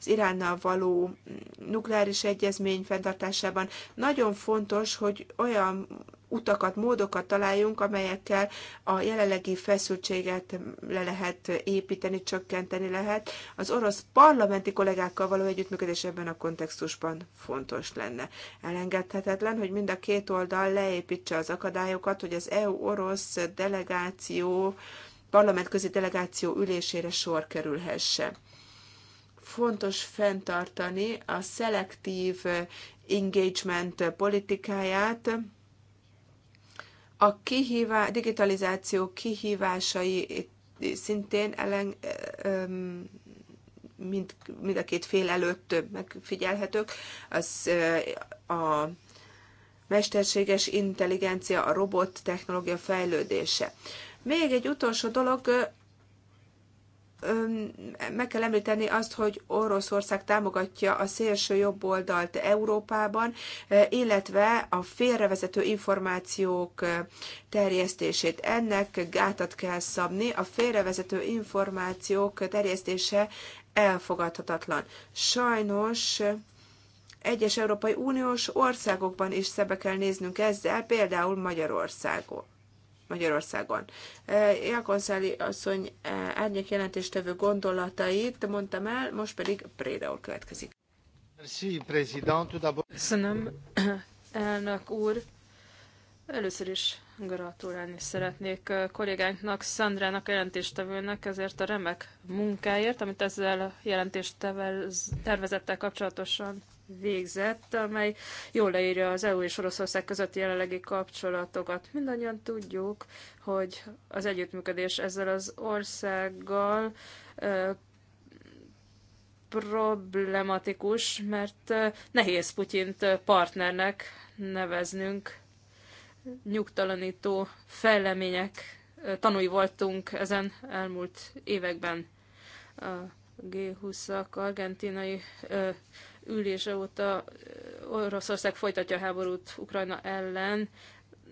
az Iránnal való mm, nukleáris egyezmény fenntartásában. Nagyon fontos, hogy olyan utakat, módokat találjunk, amelyekkel a jelenlegi feszültséget le lehet építeni, csökkenteni lehet. Az orosz parlamenti kollégákkal való együttműködés ebben a kontextusban fontos lenne. Elengedhetetlen, hogy mind a két oldal leépítse az akadályokat, hogy az EU-orosz delegáció parlamentközi delegáció ülésére sor kerülhesse. Fontos fenntartani a szelektív engagement politikáját, a kihívá, digitalizáció kihívásai szintén ellen, mind, mind a két fél előtt megfigyelhetők. Az, a mesterséges intelligencia, a robot technológia fejlődése. Még egy utolsó dolog, meg kell említeni azt, hogy Oroszország támogatja a szélső jobb oldalt Európában, illetve a félrevezető információk terjesztését. Ennek gátat kell szabni. A félrevezető információk terjesztése elfogadhatatlan. Sajnos egyes Európai Uniós országokban is szebe kell néznünk ezzel, például Magyarországon. Magyarországon. E, Jakonszáli asszony e, árnyék jelentéstevő gondolatait mondtam el, most pedig Préda következik. Köszönöm, elnök úr. Először is gratulálni szeretnék kollégánknak, Szandrának, jelentéstevőnek ezért a remek munkáért, amit ezzel tervezettel kapcsolatosan végzett, amely jól leírja az EU és Oroszország közötti jelenlegi kapcsolatokat. Mindannyian tudjuk, hogy az együttműködés ezzel az országgal problematikus, mert nehéz Putyint partnernek neveznünk. Nyugtalanító fejlemények tanúi voltunk ezen elmúlt években. A G20-ak argentinai ülése óta Oroszország folytatja a háborút Ukrajna ellen,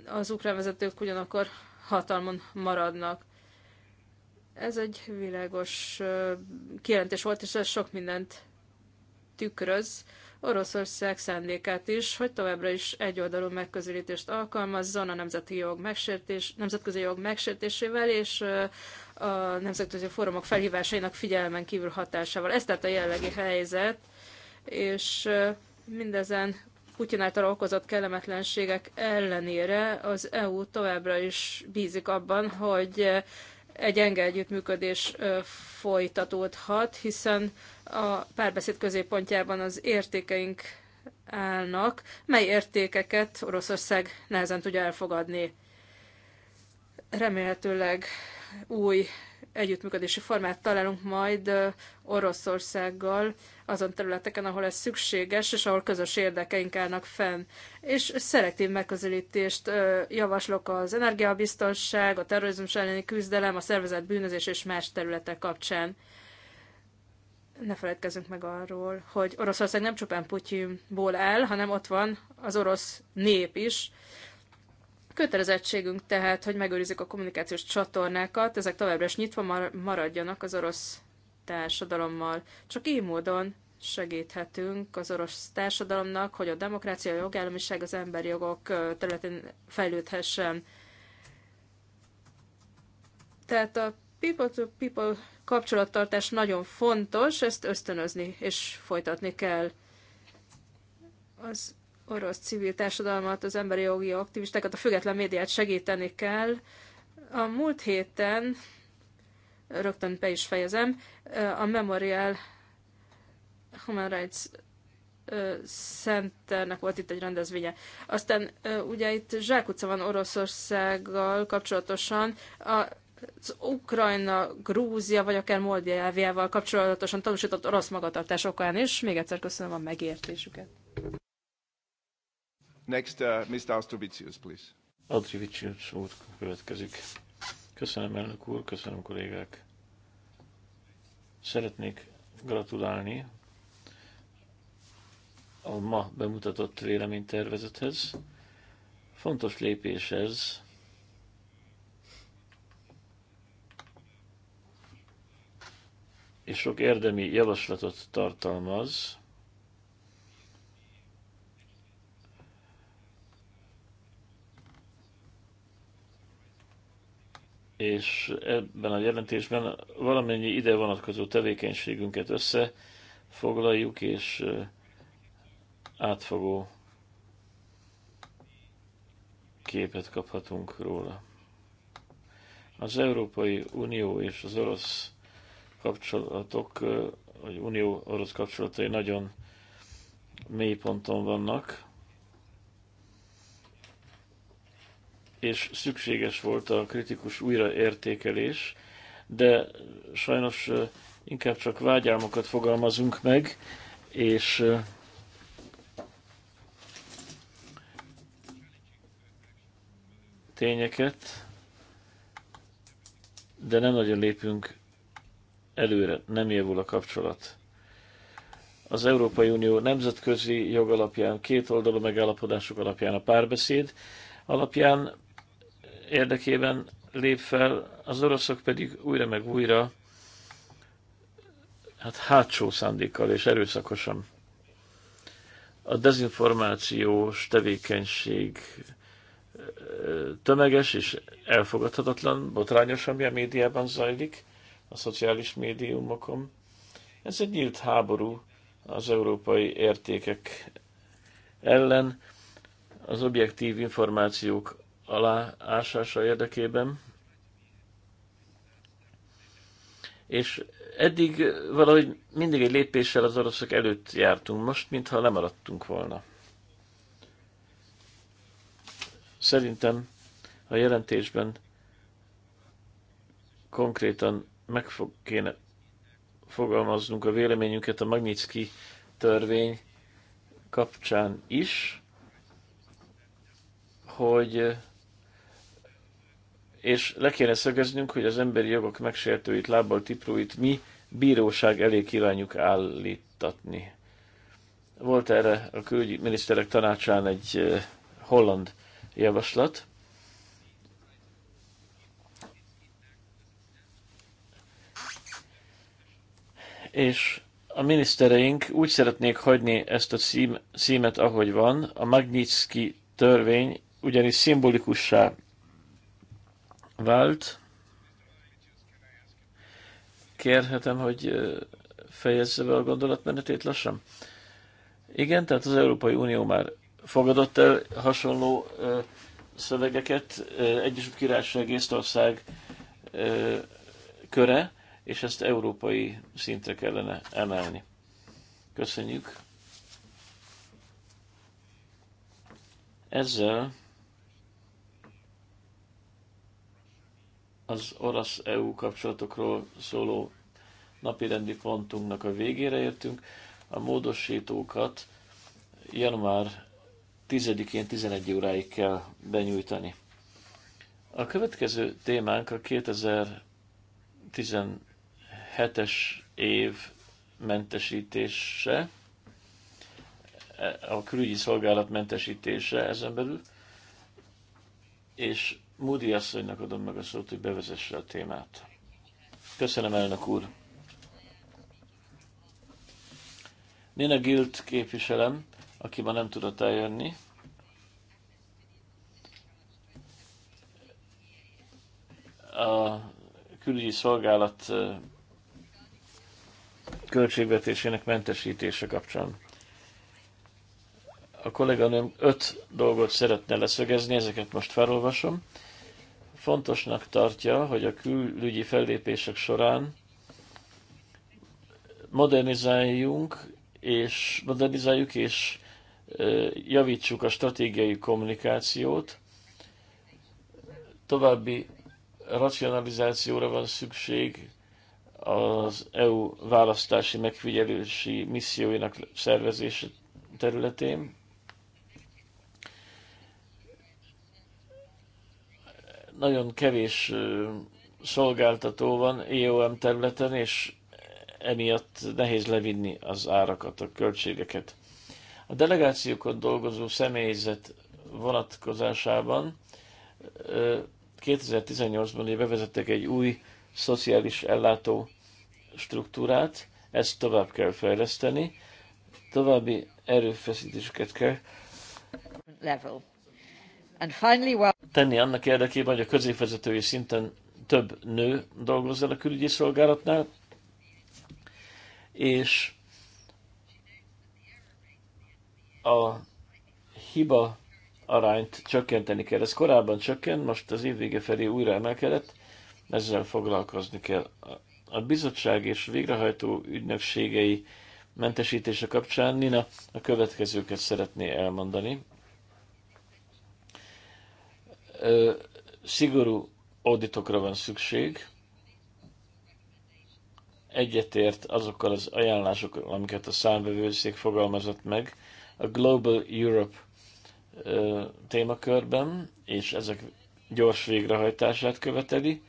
az ukrán vezetők ugyanakkor hatalmon maradnak. Ez egy világos kijelentés volt, és ez sok mindent tükröz. Oroszország szándékát is, hogy továbbra is egyoldalú megközelítést alkalmazzon a nemzeti jog megsértés, nemzetközi jog megsértésével és a nemzetközi fórumok felhívásainak figyelmen kívül hatásával. Ez tehát a jelenlegi helyzet és mindezen Putyin által okozott kellemetlenségek ellenére az EU továbbra is bízik abban, hogy egy enge együttműködés folytatódhat, hiszen a párbeszéd középpontjában az értékeink állnak, mely értékeket Oroszország nehezen tudja elfogadni. Remélhetőleg új együttműködési formát találunk majd Oroszországgal, azon területeken, ahol ez szükséges, és ahol közös érdekeink állnak fenn. És szelektív megközelítést javaslok az energiabiztonság, a terrorizmus elleni küzdelem, a szervezett bűnözés és más területek kapcsán ne feledkezzünk meg arról, hogy Oroszország nem csupán Putyinból áll, hanem ott van az orosz nép is. Kötelezettségünk tehát, hogy megőrizzük a kommunikációs csatornákat, ezek továbbra is nyitva maradjanak az orosz társadalommal. Csak így módon segíthetünk az orosz társadalomnak, hogy a demokrácia, a jogállamiság, az emberi jogok területén fejlődhessen. Tehát a people-to-people kapcsolattartás nagyon fontos, ezt ösztönözni és folytatni kell. Az orosz civil társadalmat, az emberi jogi aktivistákat, a független médiát segíteni kell. A múlt héten rögtön be is fejezem, a Memorial Human Rights Centernek volt itt egy rendezvénye. Aztán ugye itt zsákutca van Oroszországgal kapcsolatosan, a az Ukrajna, Grúzia, vagy akár Moldáviával kapcsolatosan tanúsított orosz magatartás okán is. Még egyszer köszönöm a megértésüket. Next, uh, Mr. Astrovicius, please. Astrovicius úr következik. Köszönöm, elnök úr, köszönöm, kollégák. Szeretnék gratulálni a ma bemutatott véleménytervezethez. Fontos lépés ez. És sok érdemi javaslatot tartalmaz, és ebben a jelentésben valamennyi ide vonatkozó tevékenységünket összefoglaljuk, és átfogó képet kaphatunk róla. Az Európai Unió és az orosz kapcsolatok, vagy Unió orosz kapcsolatai nagyon mély ponton vannak. és szükséges volt a kritikus újraértékelés, de sajnos inkább csak vágyálmokat fogalmazunk meg, és tényeket, de nem nagyon lépünk előre, nem javul a kapcsolat. Az Európai Unió nemzetközi jogalapján két oldalú megállapodások alapján, a párbeszéd alapján érdekében lép fel, az oroszok pedig újra meg újra hát hátsó szándékkal és erőszakosan. A dezinformációs tevékenység tömeges és elfogadhatatlan, botrányos, ami a médiában zajlik, a szociális médiumokon. Ez egy nyílt háború az európai értékek ellen, az objektív információk ásása érdekében. És eddig valahogy mindig egy lépéssel az oroszok előtt jártunk, most mintha lemaradtunk volna. Szerintem a jelentésben konkrétan meg fog, kéne fogalmaznunk a véleményünket a Magnitsky törvény kapcsán is, hogy és le kéne szögeznünk, hogy az emberi jogok megsértőit, lábbal tipróit mi bíróság elé kívánjuk állítatni. Volt erre a külügyminiszterek tanácsán egy holland javaslat. És a minisztereink úgy szeretnék hagyni ezt a szímet ahogy van. A Magnitsky törvény ugyanis szimbolikussá vált. Kérhetem, hogy fejezze be a gondolatmenetét lassan? Igen, tehát az Európai Unió már fogadott el hasonló ö, szövegeket, ö, Egyesült Királyság, Észtország ö, köre, és ezt európai szintre kellene emelni. Köszönjük! Ezzel az orosz-EU kapcsolatokról szóló napirendi pontunknak a végére értünk. A módosítókat január 10-én 11 óráig kell benyújtani. A következő témánk a 2017-es év mentesítése, a külügyi szolgálat mentesítése ezen belül, és Múdi asszonynak adom meg a szót, hogy bevezesse a témát. Köszönöm, elnök úr! Nina Gilt képviselem, aki ma nem tudott eljönni. A külügyi szolgálat költségvetésének mentesítése kapcsán. A kolléganőm öt dolgot szeretne leszögezni, ezeket most felolvasom fontosnak tartja, hogy a külügyi fellépések során modernizáljunk és modernizáljuk és javítsuk a stratégiai kommunikációt. További racionalizációra van szükség az EU választási megfigyelési misszióinak szervezése területén. nagyon kevés szolgáltató van EOM területen, és emiatt nehéz levinni az árakat, a költségeket. A delegációkon dolgozó személyzet vonatkozásában 2018-ban bevezettek egy új szociális ellátó struktúrát, ezt tovább kell fejleszteni, további erőfeszítéseket kell level tenni annak érdekében, hogy a középvezetői szinten több nő dolgozzon a külügyi szolgálatnál, és a hiba arányt csökkenteni kell. Ez korábban csökkent, most az év vége felé újra emelkedett, ezzel foglalkozni kell. A bizottság és végrehajtó ügynökségei mentesítése kapcsán Nina a következőket szeretné elmondani. Szigorú auditokra van szükség. Egyetért azokkal az ajánlásokkal, amiket a számbevőszék fogalmazott meg a Global Europe témakörben, és ezek gyors végrehajtását követeli,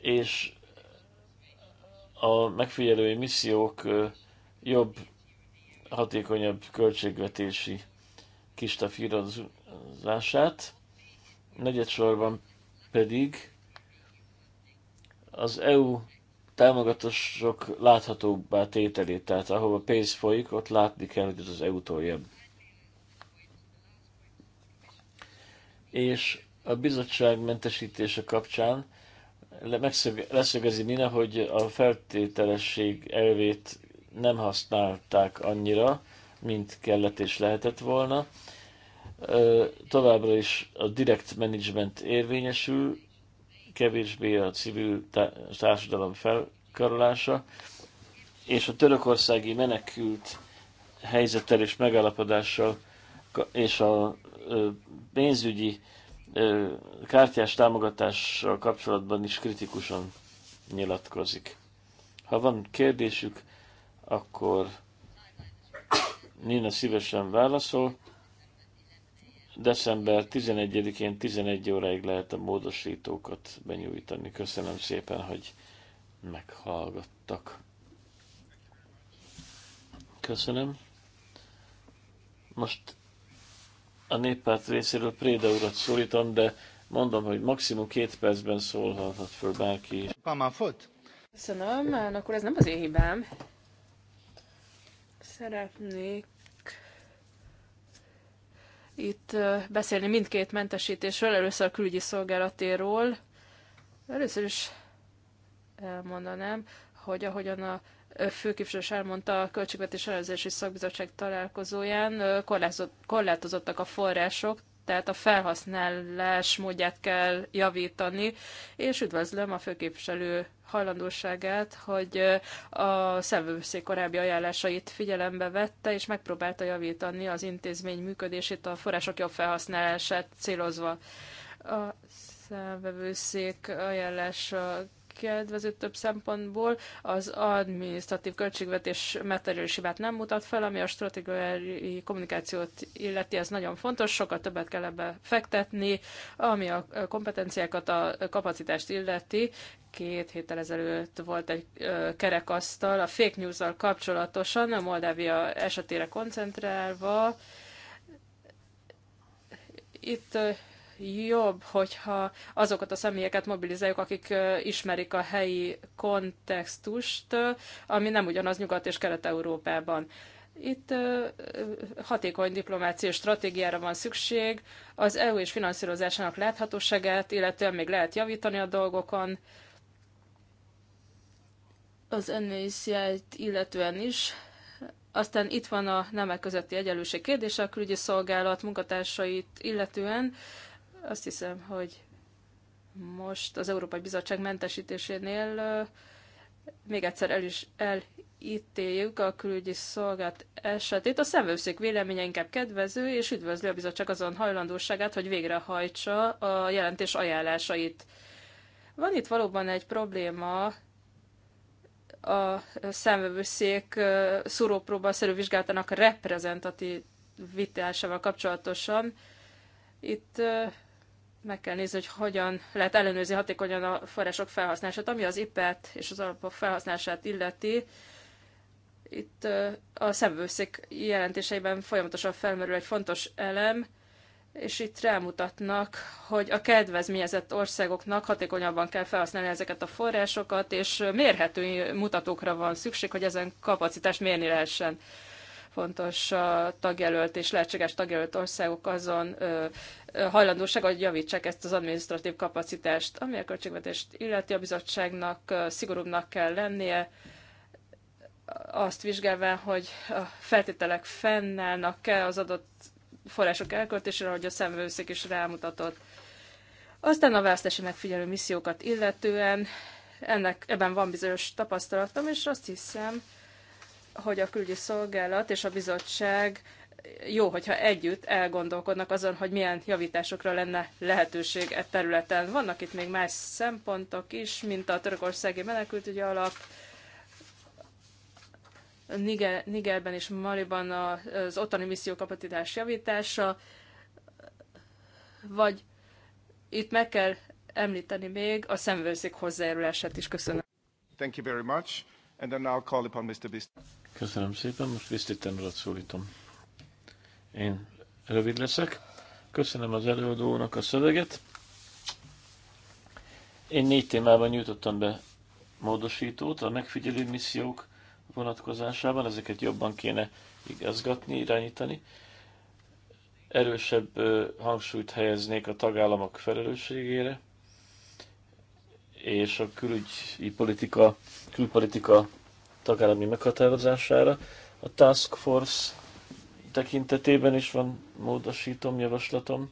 és a megfigyelői missziók jobb, hatékonyabb költségvetési kistafíroz, vását. negyedsorban pedig az EU támogatások láthatóbbá tételét, tehát ahova pénz folyik, ott látni kell, hogy ez az EU-tól jön. És a bizottság mentesítése kapcsán leszögezi Nina, hogy a feltételesség elvét nem használták annyira, mint kellett és lehetett volna továbbra is a direct management érvényesül, kevésbé a civil társadalom felkarolása, és a törökországi menekült helyzettel és megállapodással és a pénzügyi kártyás támogatással kapcsolatban is kritikusan nyilatkozik. Ha van kérdésük, akkor Nina szívesen válaszol december 11-én 11 óráig lehet a módosítókat benyújtani. Köszönöm szépen, hogy meghallgattak. Köszönöm. Most a néppárt részéről Préda urat szólítom, de mondom, hogy maximum két percben szólhat föl bárki. Köszönöm, akkor ez nem az én hibám. Szeretnék itt beszélni mindkét mentesítésről, először a külügyi szolgálatéről. Először is elmondanám, hogy ahogyan a főképviselős elmondta a Költségvetés Elemzési Szakbizottság találkozóján, korlátozottak a források, tehát a felhasználás módját kell javítani, és üdvözlöm a főképviselő hajlandóságát, hogy a szervőszék korábbi ajánlásait figyelembe vette, és megpróbálta javítani az intézmény működését a források jobb felhasználását célozva. A szervevőszék ajánlása kedvező több szempontból. Az adminisztratív költségvetés materiális hibát nem mutat fel, ami a stratégiai kommunikációt illeti, ez nagyon fontos, sokkal többet kell ebbe fektetni, ami a kompetenciákat, a kapacitást illeti. Két héttel ezelőtt volt egy kerekasztal a fake news-zal kapcsolatosan, a Moldávia esetére koncentrálva. Itt jobb, hogyha azokat a személyeket mobilizáljuk, akik ismerik a helyi kontextust, ami nem ugyanaz Nyugat- és Kelet-Európában. Itt hatékony diplomáciai stratégiára van szükség, az EU és finanszírozásának láthatóságát, illetően még lehet javítani a dolgokon, az NACI-t illetően is. Aztán itt van a nemek közötti egyenlőség kérdése, a külügyi szolgálat munkatársait illetően. Azt hiszem, hogy most az Európai Bizottság mentesítésénél még egyszer el is elítéljük a külügyi szolgált esetét. A szemvőszék véleménye inkább kedvező, és üdvözli a bizottság azon hajlandóságát, hogy végrehajtsa a jelentés ajánlásait. Van itt valóban egy probléma, a számvevőszék szúrópróbaszerű vizsgálatának vitásával kapcsolatosan. Itt meg kell nézni, hogy hogyan lehet ellenőrizni hatékonyan a források felhasználását, ami az IPET és az alapok felhasználását illeti. Itt a szemvőszék jelentéseiben folyamatosan felmerül egy fontos elem, és itt rámutatnak, hogy a kedvezményezett országoknak hatékonyabban kell felhasználni ezeket a forrásokat, és mérhető mutatókra van szükség, hogy ezen kapacitást mérni lehessen fontos a tagjelölt és lehetséges tagjelölt országok azon hajlandóság, hogy javítsák ezt az administratív kapacitást, ami a költségvetést illeti a bizottságnak, szigorúbbnak kell lennie, azt vizsgálva, hogy a feltételek fennállnak-e az adott források elköltésére, hogy a szemvőszék is rámutatott. Aztán a választási megfigyelő missziókat illetően, ennek, ebben van bizonyos tapasztalatom, és azt hiszem, hogy a külügyi szolgálat és a bizottság jó, hogyha együtt elgondolkodnak azon, hogy milyen javításokra lenne lehetőség e területen. Vannak itt még más szempontok is, mint a törökországi menekültügyi alap, Niger, Nigerben és Maliban az otthoni misszió kapacitás javítása, vagy itt meg kell említeni még a szemvőszék hozzájárulását is. Köszönöm. Thank you very much. And then I'll call upon Mr. Bist. Köszönöm szépen, most Visztiten urat szólítom. Én rövid leszek. Köszönöm az előadónak a szöveget. Én négy témában nyújtottam be módosítót, a megfigyelő missziók vonatkozásában, ezeket jobban kéne igazgatni, irányítani. Erősebb hangsúlyt helyeznék a tagállamok felelősségére, és a külügyi politika, külpolitika tagállami meghatározására. A Task Force tekintetében is van módosítom, javaslatom.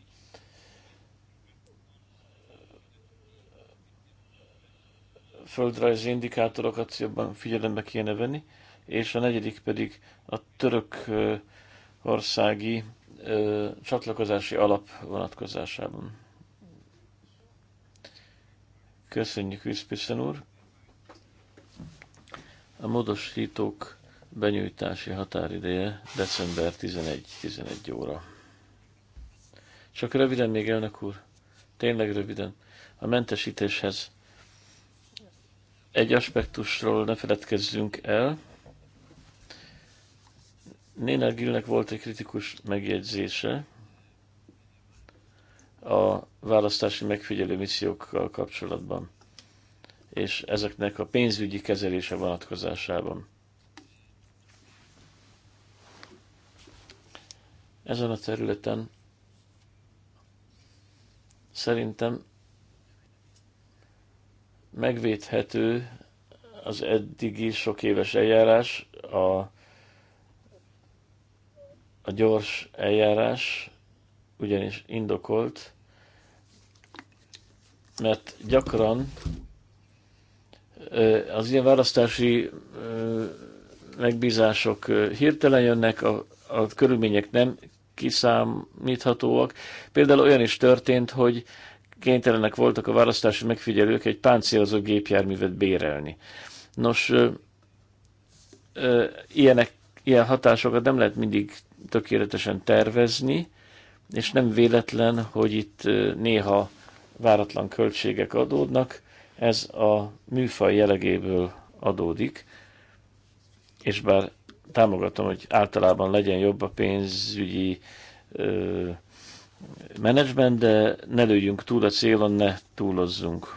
Földrajzi indikátorokat jobban figyelembe kéne venni, és a negyedik pedig a török országi csatlakozási alap vonatkozásában. Köszönjük Viszpiszen úr! A módosítók benyújtási határideje december 11-11 óra. Csak röviden még, elnök úr, tényleg röviden, a mentesítéshez egy aspektusról ne feledkezzünk el. Néner Gilnek volt egy kritikus megjegyzése a választási megfigyelő missziókkal kapcsolatban és ezeknek a pénzügyi kezelése vonatkozásában. Ezen a területen szerintem megvédhető az eddigi sok éves eljárás, a, a gyors eljárás ugyanis indokolt, mert gyakran az ilyen választási megbízások hirtelen jönnek, a, a körülmények nem kiszámíthatóak. Például olyan is történt, hogy kénytelenek voltak a választási megfigyelők egy páncélozó gépjárművet bérelni. Nos, ilyenek, ilyen hatásokat nem lehet mindig tökéletesen tervezni, és nem véletlen, hogy itt néha váratlan költségek adódnak, ez a műfaj jellegéből adódik, és bár támogatom, hogy általában legyen jobb a pénzügyi ö, menedzsment, de ne lőjünk túl a célon, ne túlozzunk.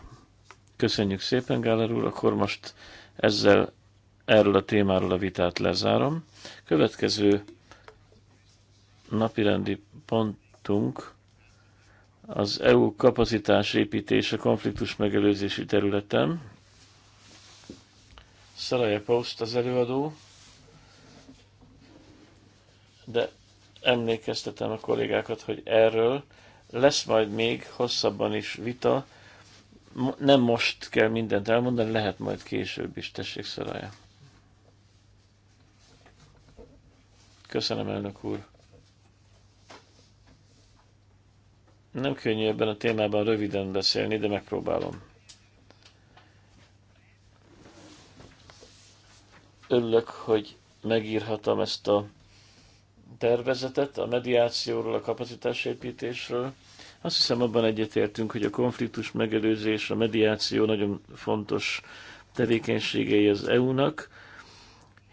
Köszönjük szépen, Gáler úr, akkor most ezzel erről a témáról a vitát lezárom. Következő napirendi pontunk az EU kapacitás építése konfliktus megelőzési területen. Szalaja Post az előadó, de emlékeztetem a kollégákat, hogy erről lesz majd még hosszabban is vita. Nem most kell mindent elmondani, lehet majd később is. Tessék, Szalaja. Köszönöm, elnök úr. Nem könnyű ebben a témában röviden beszélni, de megpróbálom. Örülök, hogy megírhatom ezt a tervezetet a mediációról, a kapacitásépítésről. Azt hiszem abban egyetértünk, hogy a konfliktus megelőzés, a mediáció nagyon fontos tevékenységei az EU-nak,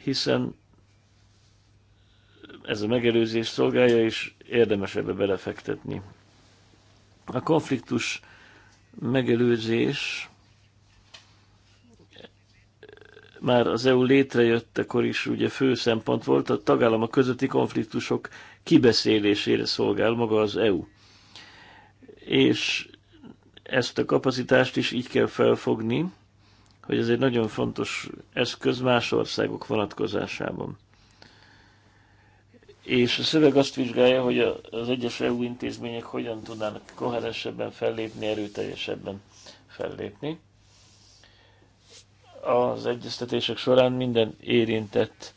hiszen ez a megelőzés szolgálja, és érdemes ebbe belefektetni. A konfliktus megelőzés már az EU létrejöttekor is ugye fő szempont volt, a tagállamok közötti konfliktusok kibeszélésére szolgál maga az EU. És ezt a kapacitást is így kell felfogni, hogy ez egy nagyon fontos eszköz más országok vonatkozásában és a szöveg azt vizsgálja, hogy az egyes EU intézmények hogyan tudnának koherensebben fellépni, erőteljesebben fellépni. Az egyeztetések során minden érintett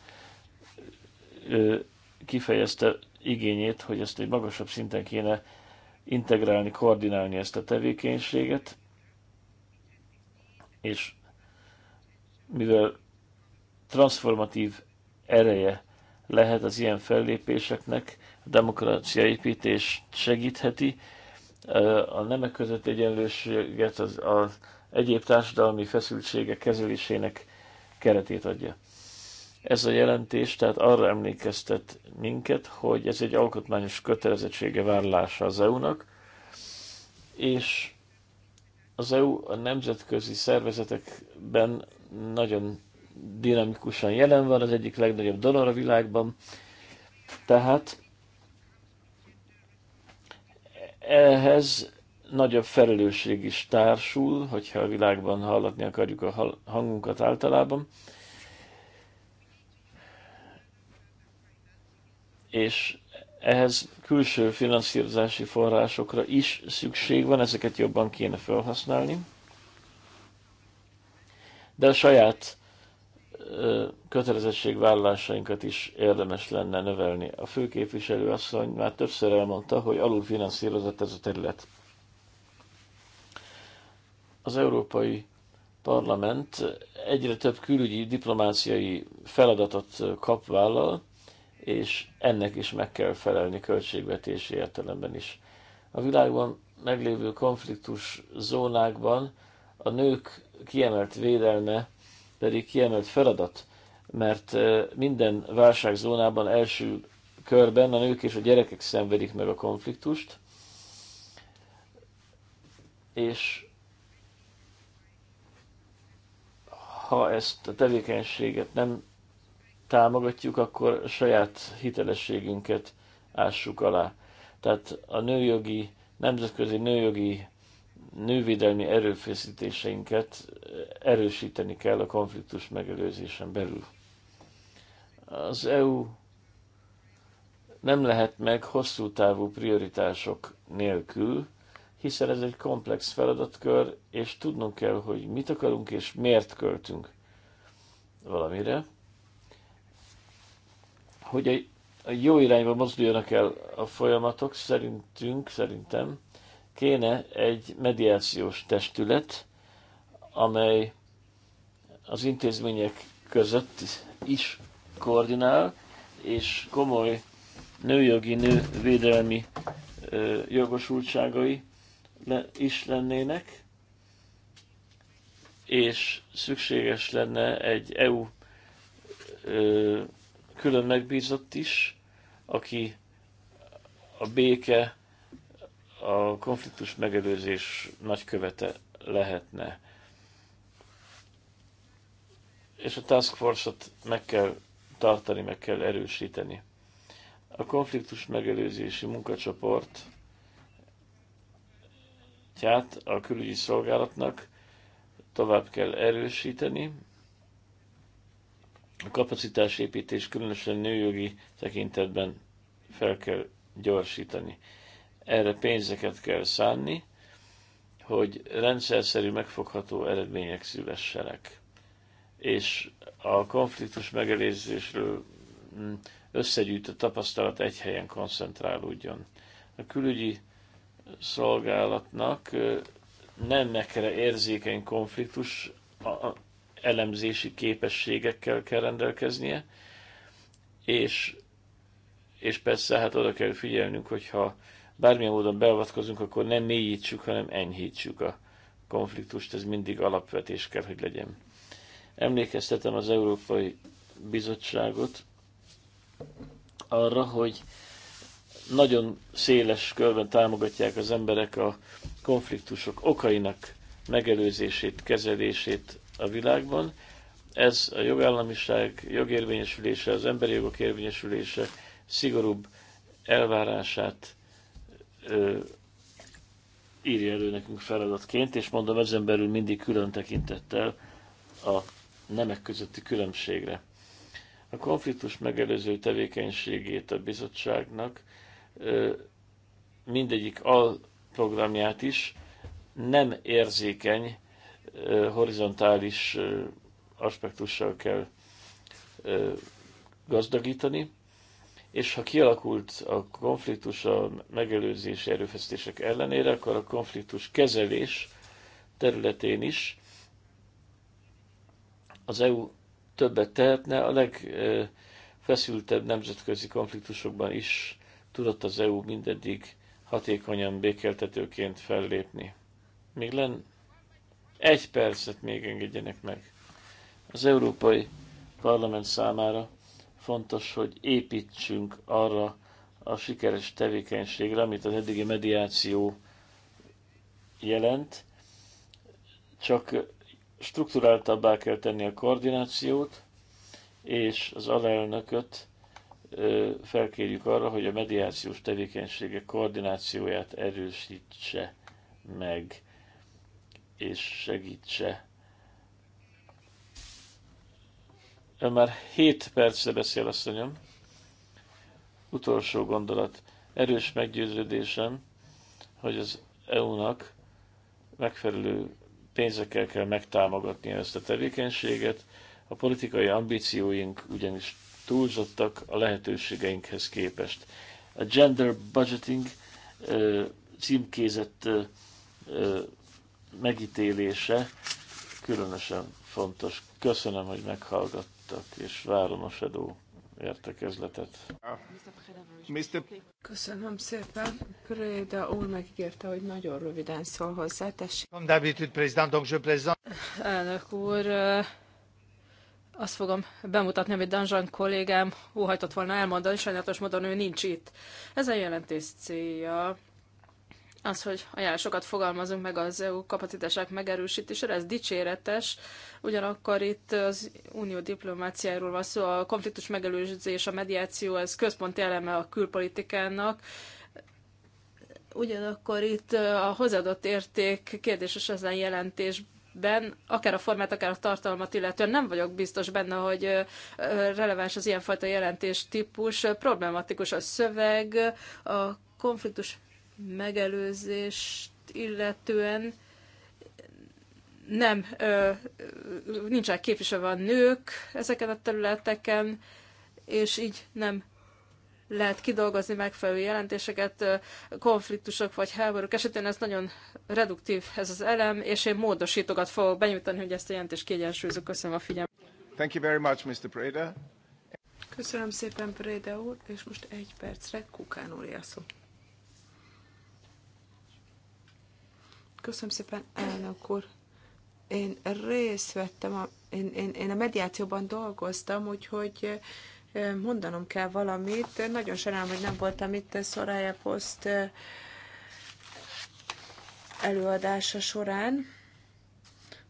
kifejezte igényét, hogy ezt egy magasabb szinten kéne integrálni, koordinálni ezt a tevékenységet, és mivel transformatív ereje lehet az ilyen fellépéseknek, a demokrácia építés segítheti, a nemek között egyenlőséget az, az egyéb társadalmi feszültségek kezelésének keretét adja. Ez a jelentés tehát arra emlékeztet minket, hogy ez egy alkotmányos kötelezettsége vállalása az EU-nak, és az EU a nemzetközi szervezetekben nagyon dinamikusan jelen van, az egyik legnagyobb donor a világban. Tehát ehhez nagyobb felelősség is társul, hogyha a világban hallatni akarjuk a hangunkat általában. És ehhez külső finanszírozási forrásokra is szükség van, ezeket jobban kéne felhasználni. De a saját kötelezettségvállalásainkat is érdemes lenne növelni. A főképviselő asszony már többször elmondta, hogy alulfinanszírozott ez a terület. Az Európai Parlament egyre több külügyi diplomáciai feladatot kap vállal, és ennek is meg kell felelni költségvetési értelemben is. A világban meglévő konfliktus zónákban a nők kiemelt védelme pedig kiemelt feladat, mert minden válságzónában első körben a nők és a gyerekek szenvedik meg a konfliktust, és ha ezt a tevékenységet nem támogatjuk, akkor a saját hitelességünket ássuk alá. Tehát a nőjogi, nemzetközi nőjogi nővédelmi erőfeszítéseinket eh, erősíteni kell a konfliktus megelőzésen belül. Az EU nem lehet meg hosszú távú prioritások nélkül, hiszen ez egy komplex feladatkör, és tudnunk kell, hogy mit akarunk és miért költünk valamire, hogy a jó irányba mozduljanak el a folyamatok, szerintünk, szerintem, kéne egy mediációs testület, amely az intézmények között is koordinál, és komoly nőjogi, nővédelmi jogosultságai is lennének, és szükséges lenne egy EU külön megbízott is, aki a béke a konfliktus megelőzés nagykövete lehetne. És a task force-ot meg kell tartani, meg kell erősíteni. A konfliktus megelőzési munkacsoport tehát a külügyi szolgálatnak tovább kell erősíteni, a kapacitásépítés különösen nőjogi tekintetben fel kell gyorsítani erre pénzeket kell szánni, hogy rendszerszerű megfogható eredmények szülessenek. És a konfliktus megelőzésről mm, összegyűjtött tapasztalat egy helyen koncentrálódjon. A külügyi szolgálatnak nem nemekre érzékeny konfliktus elemzési képességekkel kell rendelkeznie, és, és persze hát oda kell figyelnünk, hogyha bármilyen módon beavatkozunk, akkor nem mélyítsük, hanem enyhítsük a konfliktust, ez mindig alapvetés kell, hogy legyen. Emlékeztetem az Európai Bizottságot arra, hogy nagyon széles körben támogatják az emberek a konfliktusok okainak megelőzését, kezelését a világban. Ez a jogállamiság jogérvényesülése, az emberi jogok érvényesülése szigorúbb elvárását ö, írja elő nekünk feladatként, és mondom, ezen belül mindig külön tekintettel a nemek közötti különbségre. A konfliktus megelőző tevékenységét a bizottságnak ö, mindegyik alprogramját is nem érzékeny ö, horizontális ö, aspektussal kell ö, gazdagítani, és ha kialakult a konfliktus a megelőzési erőfeszítések ellenére, akkor a konfliktus kezelés területén is az EU többet tehetne, a legfeszültebb nemzetközi konfliktusokban is tudott az EU mindeddig hatékonyan békeltetőként fellépni. Még len egy percet még engedjenek meg. Az Európai Parlament számára fontos, hogy építsünk arra a sikeres tevékenységre, amit az eddigi mediáció jelent, csak strukturáltabbá kell tenni a koordinációt, és az alelnököt felkérjük arra, hogy a mediációs tevékenysége koordinációját erősítse meg, és segítse Ön már 7 percre beszél, asszonyom. Utolsó gondolat. Erős meggyőződésem, hogy az EU-nak megfelelő pénzekkel kell megtámogatni ezt a tevékenységet. A politikai ambícióink ugyanis túlzottak a lehetőségeinkhez képest. A gender budgeting címkézett megítélése különösen fontos. Köszönöm, hogy meghallgatta elfogadtak, és várom a Shadow értekezletet. Köszönöm szépen. Préda úr megígérte, hogy nagyon röviden szól hozzá. Tessék. Elnök úr, azt fogom bemutatni, amit Danzsan kollégám óhajtott volna elmondani, sajnálatos módon ő nincs itt. Ez a jelentés célja, az, hogy ajánlásokat fogalmazunk meg az EU kapacitások megerősítésére, ez dicséretes, ugyanakkor itt az unió diplomáciáról van szó, a konfliktus megelőzés, a mediáció, ez központi eleme a külpolitikának, ugyanakkor itt a hozadott érték kérdéses ezen jelentés ben, akár a formát, akár a tartalmat illetően nem vagyok biztos benne, hogy releváns az ilyenfajta jelentés típus, problematikus a szöveg, a konfliktus megelőzést illetően nem, nincsenek képviselve a nők ezeken a területeken, és így nem lehet kidolgozni megfelelő jelentéseket, konfliktusok vagy háborúk esetén ez nagyon reduktív ez az elem, és én módosítókat fogok benyújtani, hogy ezt a jelentést kiegyensúlyozok. Köszönöm a figyelmet. Thank you very much, Mr. Preda. Köszönöm szépen, Preda úr, és most egy percre Kukán úr szó. Köszönöm szépen, elnök úr. Én részt vettem, a, én, én, én a mediációban dolgoztam, úgyhogy mondanom kell valamit. Nagyon sajnálom, hogy nem voltam itt Szorája Poszt előadása során.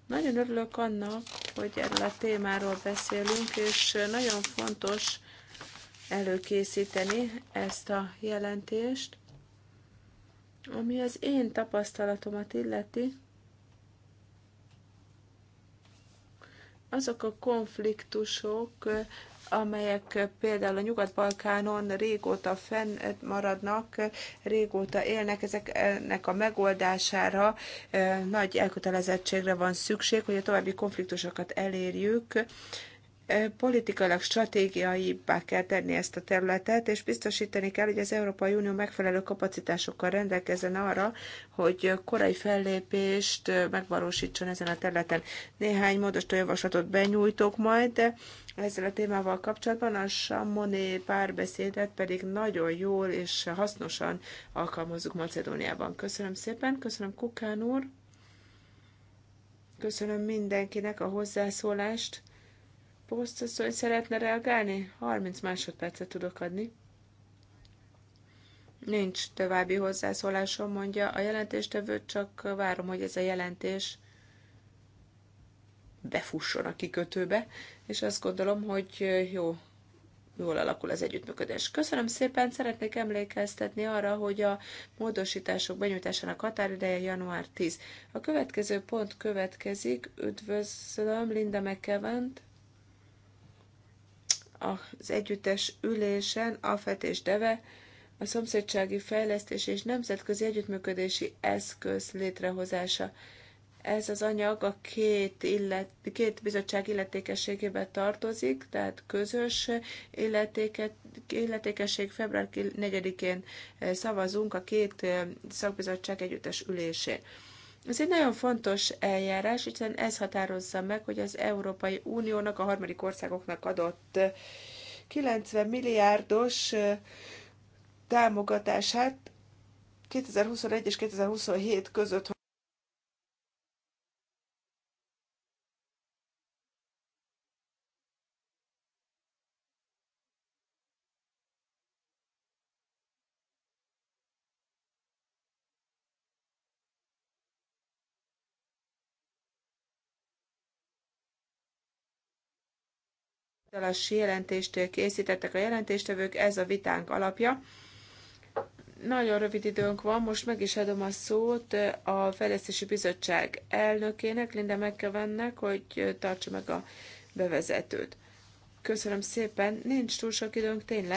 Nagyon örülök annak, hogy erről a témáról beszélünk, és nagyon fontos előkészíteni ezt a jelentést. Ami az én tapasztalatomat illeti, azok a konfliktusok, amelyek például a Nyugat-Balkánon régóta fenn maradnak, régóta élnek, ezeknek a megoldására eh, nagy elkötelezettségre van szükség, hogy a további konfliktusokat elérjük politikailag stratégiaibbá kell tenni ezt a területet, és biztosítani kell, hogy az Európai Unió megfelelő kapacitásokkal rendelkezzen arra, hogy korai fellépést megvalósítson ezen a területen. Néhány módosító javaslatot benyújtok majd, de ezzel a témával kapcsolatban a Samoné párbeszédet pedig nagyon jól és hasznosan alkalmazzuk Macedóniában. Köszönöm szépen, köszönöm Kukán úr, köszönöm mindenkinek a hozzászólást Posztasszony szeretne reagálni? 30 másodpercet tudok adni. Nincs további hozzászólásom, mondja a jelentéstevő, csak várom, hogy ez a jelentés befusson a kikötőbe, és azt gondolom, hogy jó, jól alakul az együttműködés. Köszönöm szépen, szeretnék emlékeztetni arra, hogy a módosítások benyújtásának határideje január 10. A következő pont következik, üdvözlöm Linda mckeven az együttes ülésen AFET és DEVE a szomszédsági fejlesztés és nemzetközi együttműködési eszköz létrehozása. Ez az anyag a két, illet, két bizottság illetékességébe tartozik, tehát közös illetéke, illetékesség február 4-én eh, szavazunk a két eh, szakbizottság együttes ülésén. Ez egy nagyon fontos eljárás, hiszen ez határozza meg, hogy az Európai Uniónak a harmadik országoknak adott 90 eh, milliárdos eh, támogatását 2021 és 2027 között Talassi jelentést készítettek a jelentéstevők, ez a vitánk alapja. Nagyon rövid időnk van, most meg is adom a szót a Fejlesztési Bizottság elnökének, Linda Mekkevennek, hogy tartsa meg a bevezetőt. Köszönöm szépen, nincs túl sok időnk tényleg.